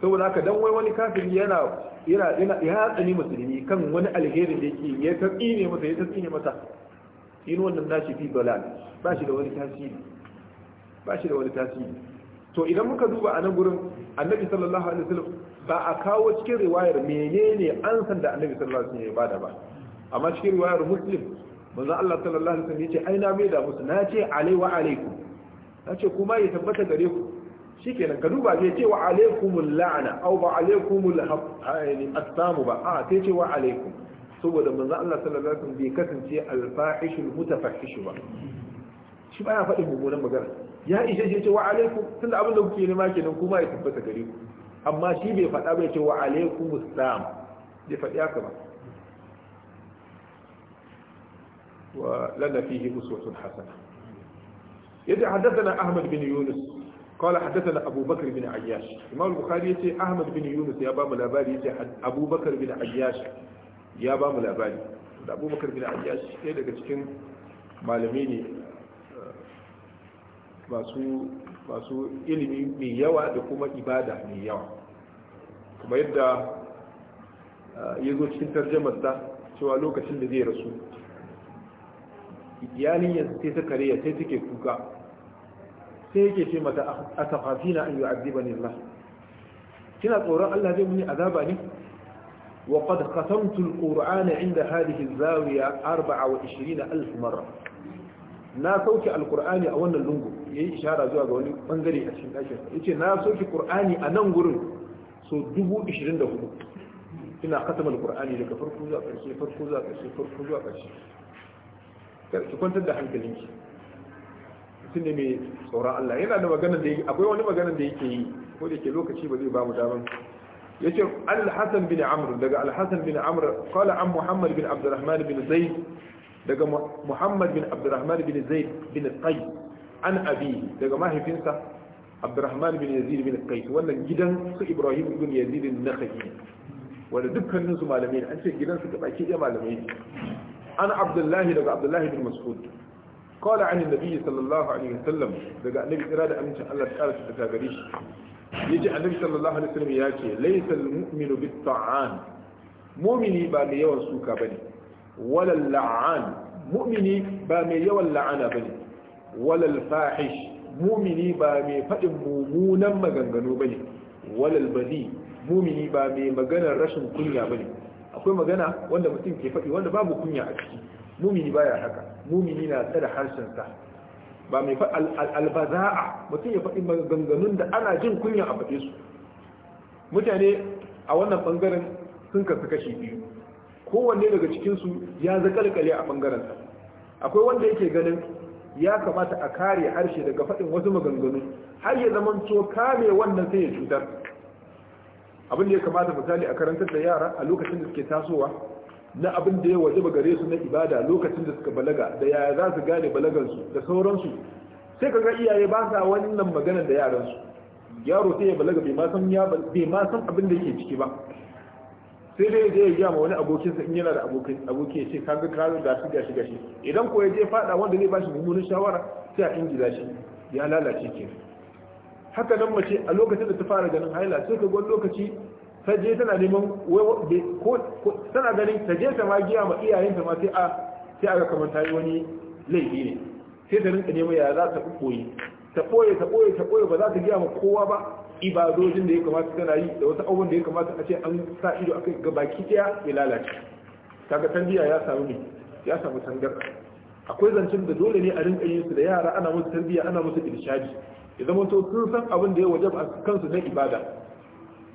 saboda haka dan wai wani kafiri yana yana yana ya tsani musulmi kan wani alheri da yake ya tsini ne masa ya tsini masa in wannan nashi fi dalal ba shi da wani tasiri ba shi da wani tasiri to idan muka duba a nan gurin annabi sallallahu alaihi wasallam ba a kawo cikin riwayar menene an san da annabi sallallahu alaihi wasallam ya bada ba amma cikin riwayar muslim manzo Allah sallallahu alaihi wasallam yace ai na mai da musu na ce alai wa alaikum na ce kuma ya tabbata gare ku shikenan ka duba zai ce wa alaikumul la'na aw ba alaikumul yani asamu ba a sai ce wa alaikum saboda manzo Allah sallallahu alaihi wasallam bai kasance al-fahishul mutafahish ba shi baya faɗin mummunan magana ya ishe shi ce wa alaikum tunda abin da kuke nema kenan kuma ya tabbata gare ku amma shi bai faɗa bai ce wa alaikumus salam bai faɗi aka ba wa lana fihi uswatun hasana yadda haddathana ahmad bin yunus قال حدثنا أبو بكر بن عياش إمام البخاري يتي أحمد بن يونس يا بام الأبالي يتي أبو بكر بن عياش يا بام الأبالي أبو بكر بن عياش إيه لك تكين معلميني masu ilimi mai yawa da kuma ibada mai yawa kuma yadda eh, ya zo cikin tarjamarsa cewa lokacin da zai rasu iyalin ya sai ta kare sai take kuka sai yake ce mata a ah, tafafina an yi azziba ne Allah kina tsoron Allah zai muni azaba ne wa qad qasamtu al-qur'ana inda hadhihi az-zawiya 24000 marra na sauke alkur'ani a wannan lungu ya yi ishara zuwa ga wani bangare a cikin ɗakin ya ce na sauke ƙur'ani a nan gurin so dubu ishirin da hudu ina katamar qur'ani daga farko zuwa ƙarshe farko zuwa ƙarshe farko zuwa ƙarshe ki kwantar da hankalinki mutum ne mai tsoron Allah yana da magana da akwai wani magana da yake yi ko da ke lokaci ba zai bamu daman yace al-Hasan bin Amr daga al-Hasan bin Amr qala an Muhammad bin Abdurrahman bin Zaid daga Muhammad bin Abdurrahman bin Zaid bin Qayy an abi daga mahaifinsa abdurrahman bin yazid bin qais wannan gidan su ibrahim bin yazid bin nakhai wanda dukkanin su malamai an ce gidan su gaba ke malamai ne an abdullahi daga abdullahi bin mas'ud قال عن النبي sallallahu alaihi عليه وسلم daga annabi kira da amincin Allah ta rasu ta gare shi yace annabi sallallahu alaihi wasallam ya ce laysa almu'minu bit-ta'an mu'mini ba mai yawan suka bane wala la'an mu'mini ba mai yawan la'ana bane wala al-fahish mumini ba mai faɗin mummunan maganganu ba ne walal badi mumini ba mai maganar rashin kunya ba ne akwai magana wanda mutum ke faɗi wanda babu kunya a ciki mumini baya haka mumini na tsada harshensa ba mai fa albaza'a mutum ya faɗi maganganun da ana jin kunya a faɗe su mutane a wannan bangaren sun kasu kashi biyu kowanne daga cikinsu ya zakalkale a sa akwai wanda yake ganin ya kamata a kare harshe daga faɗin wasu maganganu har ya zama to kame wannan sai ya cutar abin da ya kamata misali a karantar da yara a lokacin da suke tasowa na abin da ya waje ba gare su na ibada lokacin da suka balaga da yaya za su gane balagansu da sauransu sai ka ga iyaye ba sa wannan maganar da yaransu yaro sai ya balaga bai ma san abin da yake ciki ba sai dai je ya gaya ma wani sa in yana da aboki ya ce ka ga kazo gashi gashi gashi idan ko ya je fada wanda zai bashi mummunan shawara sai a ingiza shi ya lalace ke haka nan mace a lokacin da ta fara ganin haila sai ka gwani lokaci ta je tana neman ko tana ganin ta je ta ma giya ma iyayenta ma sai a sai aka kamar wani laifi ne sai ta rinka neman ya za ta koyi ta ɓoye ta ɓoye ta ɓoye ba za ta gaya ma kowa ba ibadojin da ya kamata tana yi da wasu abubuwan da ya kamata a ce an sa ido a kai ga baki ɗaya ya lalace kaga tarbiyya ya samu ne ya samu tangar akwai zancen da dole ne a rinka yin su da yara ana musu tarbiyya ana musu irshadi ya zama to sun san abin da ya wajaba a kansu na ibada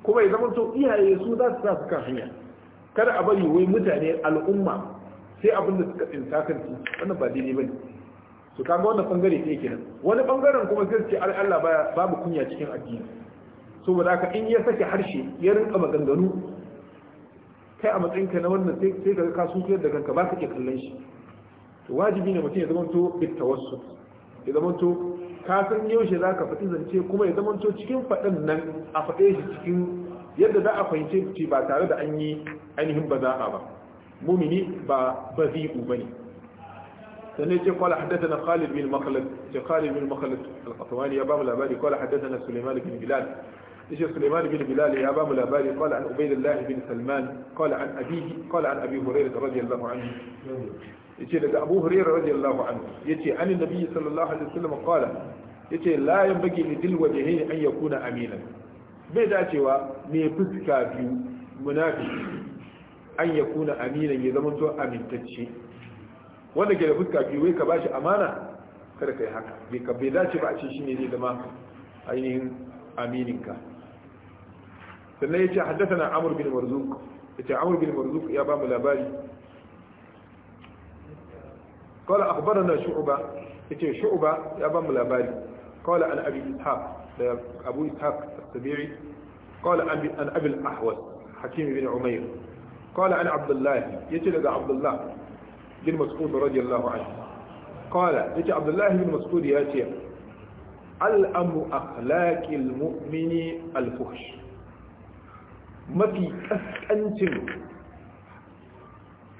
kuma ya zama to iyaye su za su sa su kan hanya kada a bari wai mutane al'umma sai abin da suka tsinta kan wannan ba daidai bane su kaga wannan bangare ne kenan wani bangaren kuma sai ce Allah baya babu kunya cikin addini saboda haka in ya sake harshe ya rinka maganganu kai a matsayin ka na wannan sai sai ka ka da kanka ba ka iya kallon shi to wajibi ne mutum ya zamanto bit tawassul ya to ka san yaushe za ka faɗi zance kuma ya zamanto cikin faɗin nan a faɗe shi cikin yadda za a fahimce ba tare da an yi ainihin baza'a ba mumini ba bazi'u ba sannan قال حدثنا خالد بن bin Makhlad ce Khalid bin Makhlad al-Qatwani ya ba mu labari kwala haddathana إيش سليمان بن بلال يا أبام الأباري قال عن عبيد الله بن سلمان قال عن أبيه قال عن أبي هريرة رضي الله عنه ايش لك أبو هريرة رضي الله عنه يتي عن النبي صلى الله عليه وسلم قال يتي لا ينبغي لذل وجهين أن يكون أمينا بدا تيوا مي فسكا بيو منافق أن يكون أمينا يزمنتو أمين تتشي wanda ke da fuska biyu wai ka bashi amana kada ka yi haka bai ka bai dace ba a ce shine zai zama ainihin amininka sannan ya ce haddasa na amur bin marzuk ya ce amur bin marzuk ya ba mu labari kawai akbarar na shu'uba ya ce shu'uba ya ba mu labari kawai an abi ishaq da abu ishaq sabiri kawai an abi al-ahwas hakim bin umair kawai an abdullahi ya ce daga abdullahi بن مسعود رضي الله عنه قال لك عبد الله بن مسعود يا شيخ الامر اخلاق المؤمن الفحش ما في قسقنت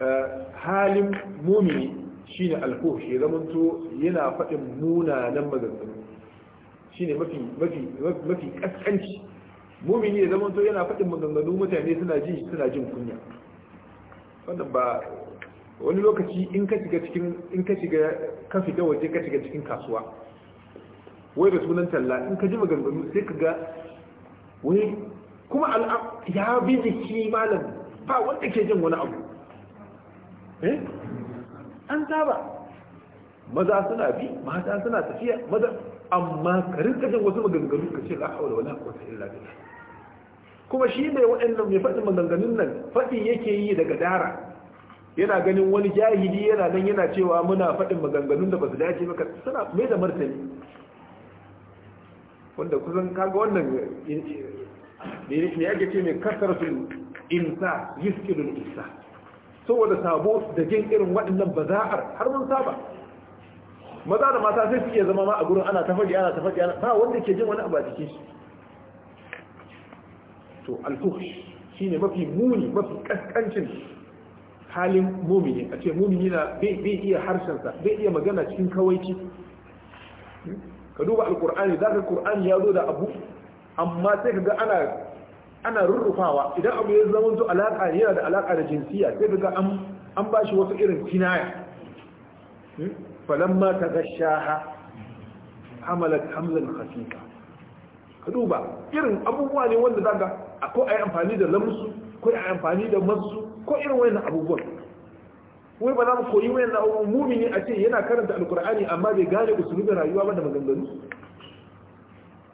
آه، حال مؤمن شنو الفحش اذا منتو ينا فدين منا نان مغزن شنو ما في ما في ما في قسقنت مؤمن اذا منتو ينا فدين مغزن متاني يعني سنا جي سنا جين كنيا wannan wani lokaci in ka shiga cikin in ka shiga ka waje ka shiga cikin kasuwa wai da sunan talla in ka ji maganganu sai ka ga wai kuma al'am ya bi jiki malam ba wanda ke jin wani abu eh an saba maza suna bi mata suna tafiya maza amma ka rinka jin wasu maganganu ka ce la haula wala quwwata illa billah kuma shi ne waɗannan mai faɗin maganganun nan faɗi yake yi daga dara yana ganin wani jahili yana nan yana cewa muna faɗin maganganun da ba su dace ba suna mai da martani wanda kusan kaga wannan ne eh, eh, eh, ake ce mai su, insa yiskilun isa saboda sabo da jin irin waɗannan baza'ar har mun saba maza da mata sai suke zama ma a gurin ana ta faɗi ana ta faɗi ana ba wanda ke jin wani abu a cikin shi to alfuhsh shine mafi muni mafi kaskancin halin mumini a ce mumini na bai iya harshensa bai iya magana cikin kawaici ka duba alkur'ani za ka kur'ani ya zo da abu amma sai ka ga ana rurrufawa idan abu ya zama zo alaƙa yana da alaƙa da jinsiya sai ka ga an ba shi wasu irin kinaya falamma ta gashaha hamalat hamlan khafifa ka duba irin abubuwa ne wanda za ka? ko ai amfani da lamsu ko yi amfani da masu ko irin wayan abubuwan wai ba za mu koyi wayan abubuwan mumini a ce yana karanta alkur'ani amma bai gane usulubin rayuwa ba da maganganu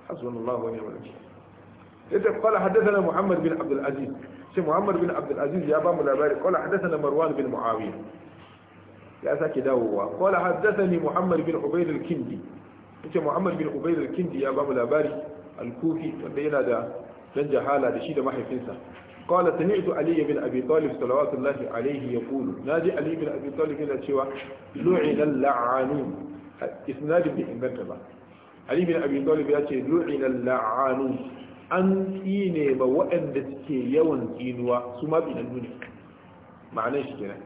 hasbunallahu wa ni'mal wakeel yace qala hadathana muhammad bin abdul aziz sai muhammad bin abdul aziz ya ba mu labari qala hadathana marwan bin muawiya ya sake dawowa qala hadathani muhammad bin ubayd al-kindi yace muhammad bin ubayd al-kindi ya ba mu labari al-kufi wanda yana da dan jahala da shi da mahaifinsa قال سمعت علي بن na طالب صلوات الله عليه يقول ناجي علي بن أبي طالب إلى شوى لعن اللعانون إسناد بإنبتبا علي بن أبي طالب يأتي لعن اللعانون an tsine ba waɗanda suke yawan tsinuwa su ma tsinannu ne ma'anar shi kenan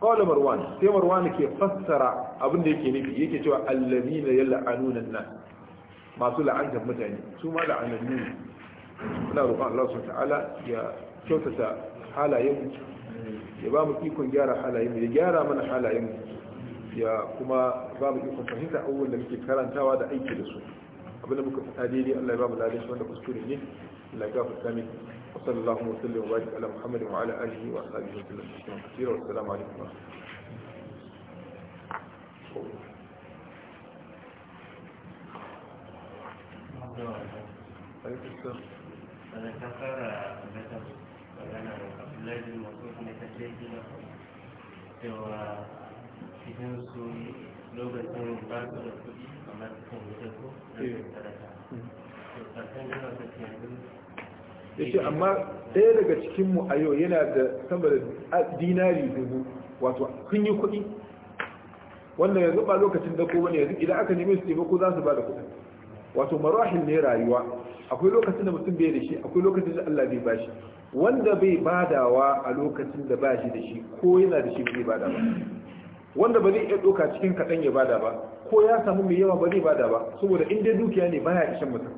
kawai marwan sai marwan ke fassara abinda yake nufi yake cewa allazi na yalla anunan nan masu la'antar mutane su ma la'anannu ne ina roƙon Allah subhanahu ya kyautata halayenmu ya ba mu ikon gyara halayenmu ya gyara mana halayenmu ya kuma ba mu ikon fahimta abubuwan da muke karantawa da aiki da su abin da muka fita daidai Allah ya ba mu lalace wanda kuskure ne Allah ya gafarta min wa sallallahu wa sallam wa baraka ala muhammadin wa ala alihi wa sahbihi wa sallam kathira wa assalamu alaikum wa Thank you. magana da abdullahi bin masud ne ta ce ki cewa cikin su lokacin ba su da kuɗi amma cikin wuta ko da eh. sadaka to kasan yana ta ce ya ce amma ɗaya daga cikinmu a yau yana da sama da dinari dubu wato kun yi kuɗi Wannan yanzu ba lokacin dako wani yanzu idan aka nemi su taimako za su ba da kuɗi wato marahil ne rayuwa akwai lokacin da mutum bai da shi akwai lokacin da Allah bai shi? wanda bai badawa a lokacin da ba shi da shi ko yana da shi bai bada ba wanda ba zai iya doka cikin kaɗan ya bada ba ko ya samu mai yawa ba zai bada ba saboda in dai dukiya ne baya ishin mutum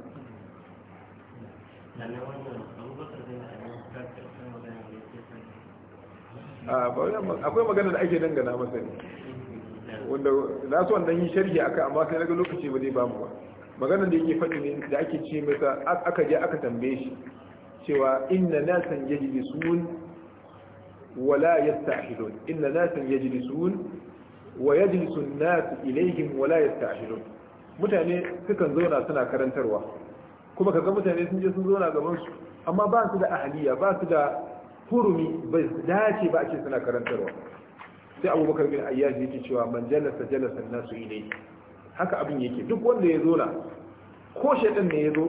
akwai magana da ake dangana masa ne wanda na so wannan yi sharhi aka amma sai daga lokaci ba zai bamu ba maganar da yake faɗi ne da ake ce masa aka je aka tambaye shi cewa inna nasan yajlisun wa la yasta'hilun inna nasan yajlisun wa yajlisu an-nas ilayhim mutane sukan zauna suna karantarwa kuma kaga mutane sun je sun zauna gaban su amma ba su da ahaliya ba su da hurumi ba dace ba ake suna karantarwa sai abubakar bin ayyaji yake cewa man jalasa jalasa an-nas ilayhi haka abin yake duk wanda ya zauna ko shaidan ne ya zo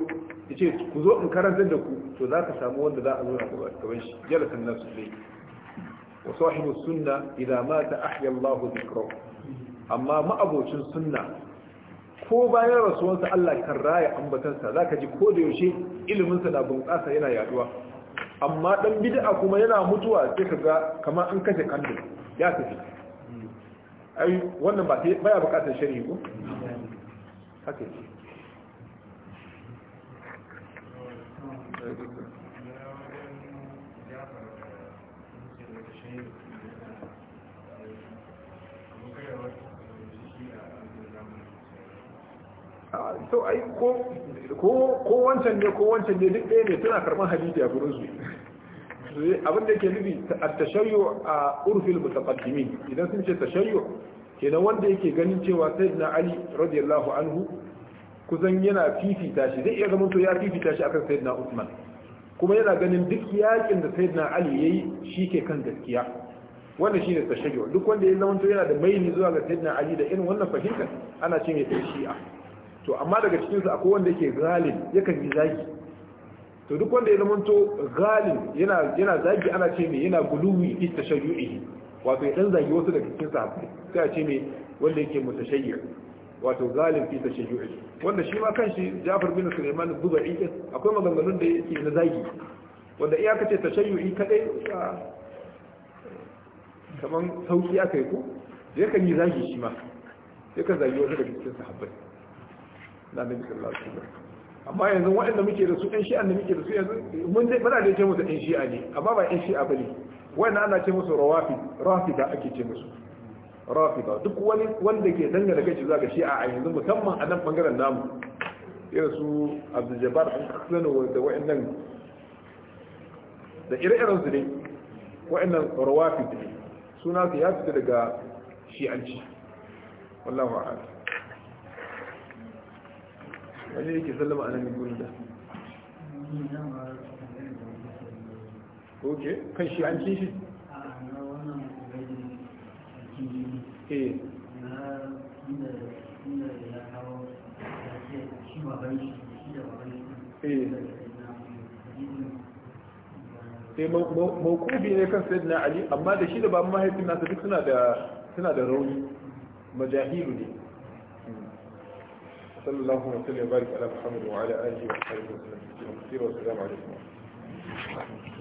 ya ce ku zo in karantar da ku to za ka samu wanda za a zo a gaban shi na nasu ne wa sahibu sunna idan mata ahya Allah dhikrahu amma ma'abocin sunna ko bayan rasuwansa Allah kan raya ambatansa zaka ji ko da yaushe iliminsa na bunƙasa yana yaduwa amma dan bid'a kuma yana mutuwa sai kaga kamar an kashe kandil ya tafi ai wannan ba baya bukatar shari'u ko haka to ai ko ko wancan ne ko wancan ne duk ɗaya ne suna karɓar hadisi a gurin su abin da yake nufi at-tashayyu a urfil mutaqaddimin idan sun ce tashayyu nan wanda yake ganin cewa sayyidina ali radiyallahu anhu kusan yana fifita shi zai iya zama to ya fifita shi akan sayyidina usman kuma yana ganin duk yakin da sayyidina ali yayi shi ke kan gaskiya wannan shine tashayyu duk wanda ya zama to yana da maili zuwa ga sayyidina ali da irin wannan fahimtar ana cewa shi'a to amma daga cikin su akwai wanda yake galin yakan yi zagi to duk wanda ya zamanto galin yana yana zagi ana ce me yana guluwi fi tashayyu'i wato ya dan zagi wasu daga cikin sahabbai sai a ce me wanda yake mutashayyi wato galin fi tashayyu'i wanda shi ma kanshi Ja'far bin Sulaiman Dubai din akwai maganganun da yake na zagi wanda iya kace tashayyu'i kadai kaman sauki aka yi ko yakan yi zagi shi ma yakan zagi wasu daga cikin sahabbai na annabi sallallahu alaihi wasallam amma yanzu waɗanda muke da su ɗan shi'a da muke da su yanzu mun dai bada da ce musu ɗan shi'a ne amma ba ɗan shi'a bane waɗanda ana ce musu rawafi rafida ake ce musu rafida duk wani wanda ke dangana gaci za ga shi'a a yanzu musamman a nan bangaren namu irin su abdul jabbar an kasano da waɗannan da ire-iren su ne waɗannan rawafi ne suna su ya fita daga shi'anci wallahu a'lam wani yake sallama a nan gurin da ok kan shi an ci shi eh, eh. eh mawukubi ne kan sayid na ali amma da shi da ba mahaifin nasa duk suna da rauni majahiru ne صلى الله وسلم وبارك على محمد وعلى آله وصحبه وسلم كثير والسلام عليكم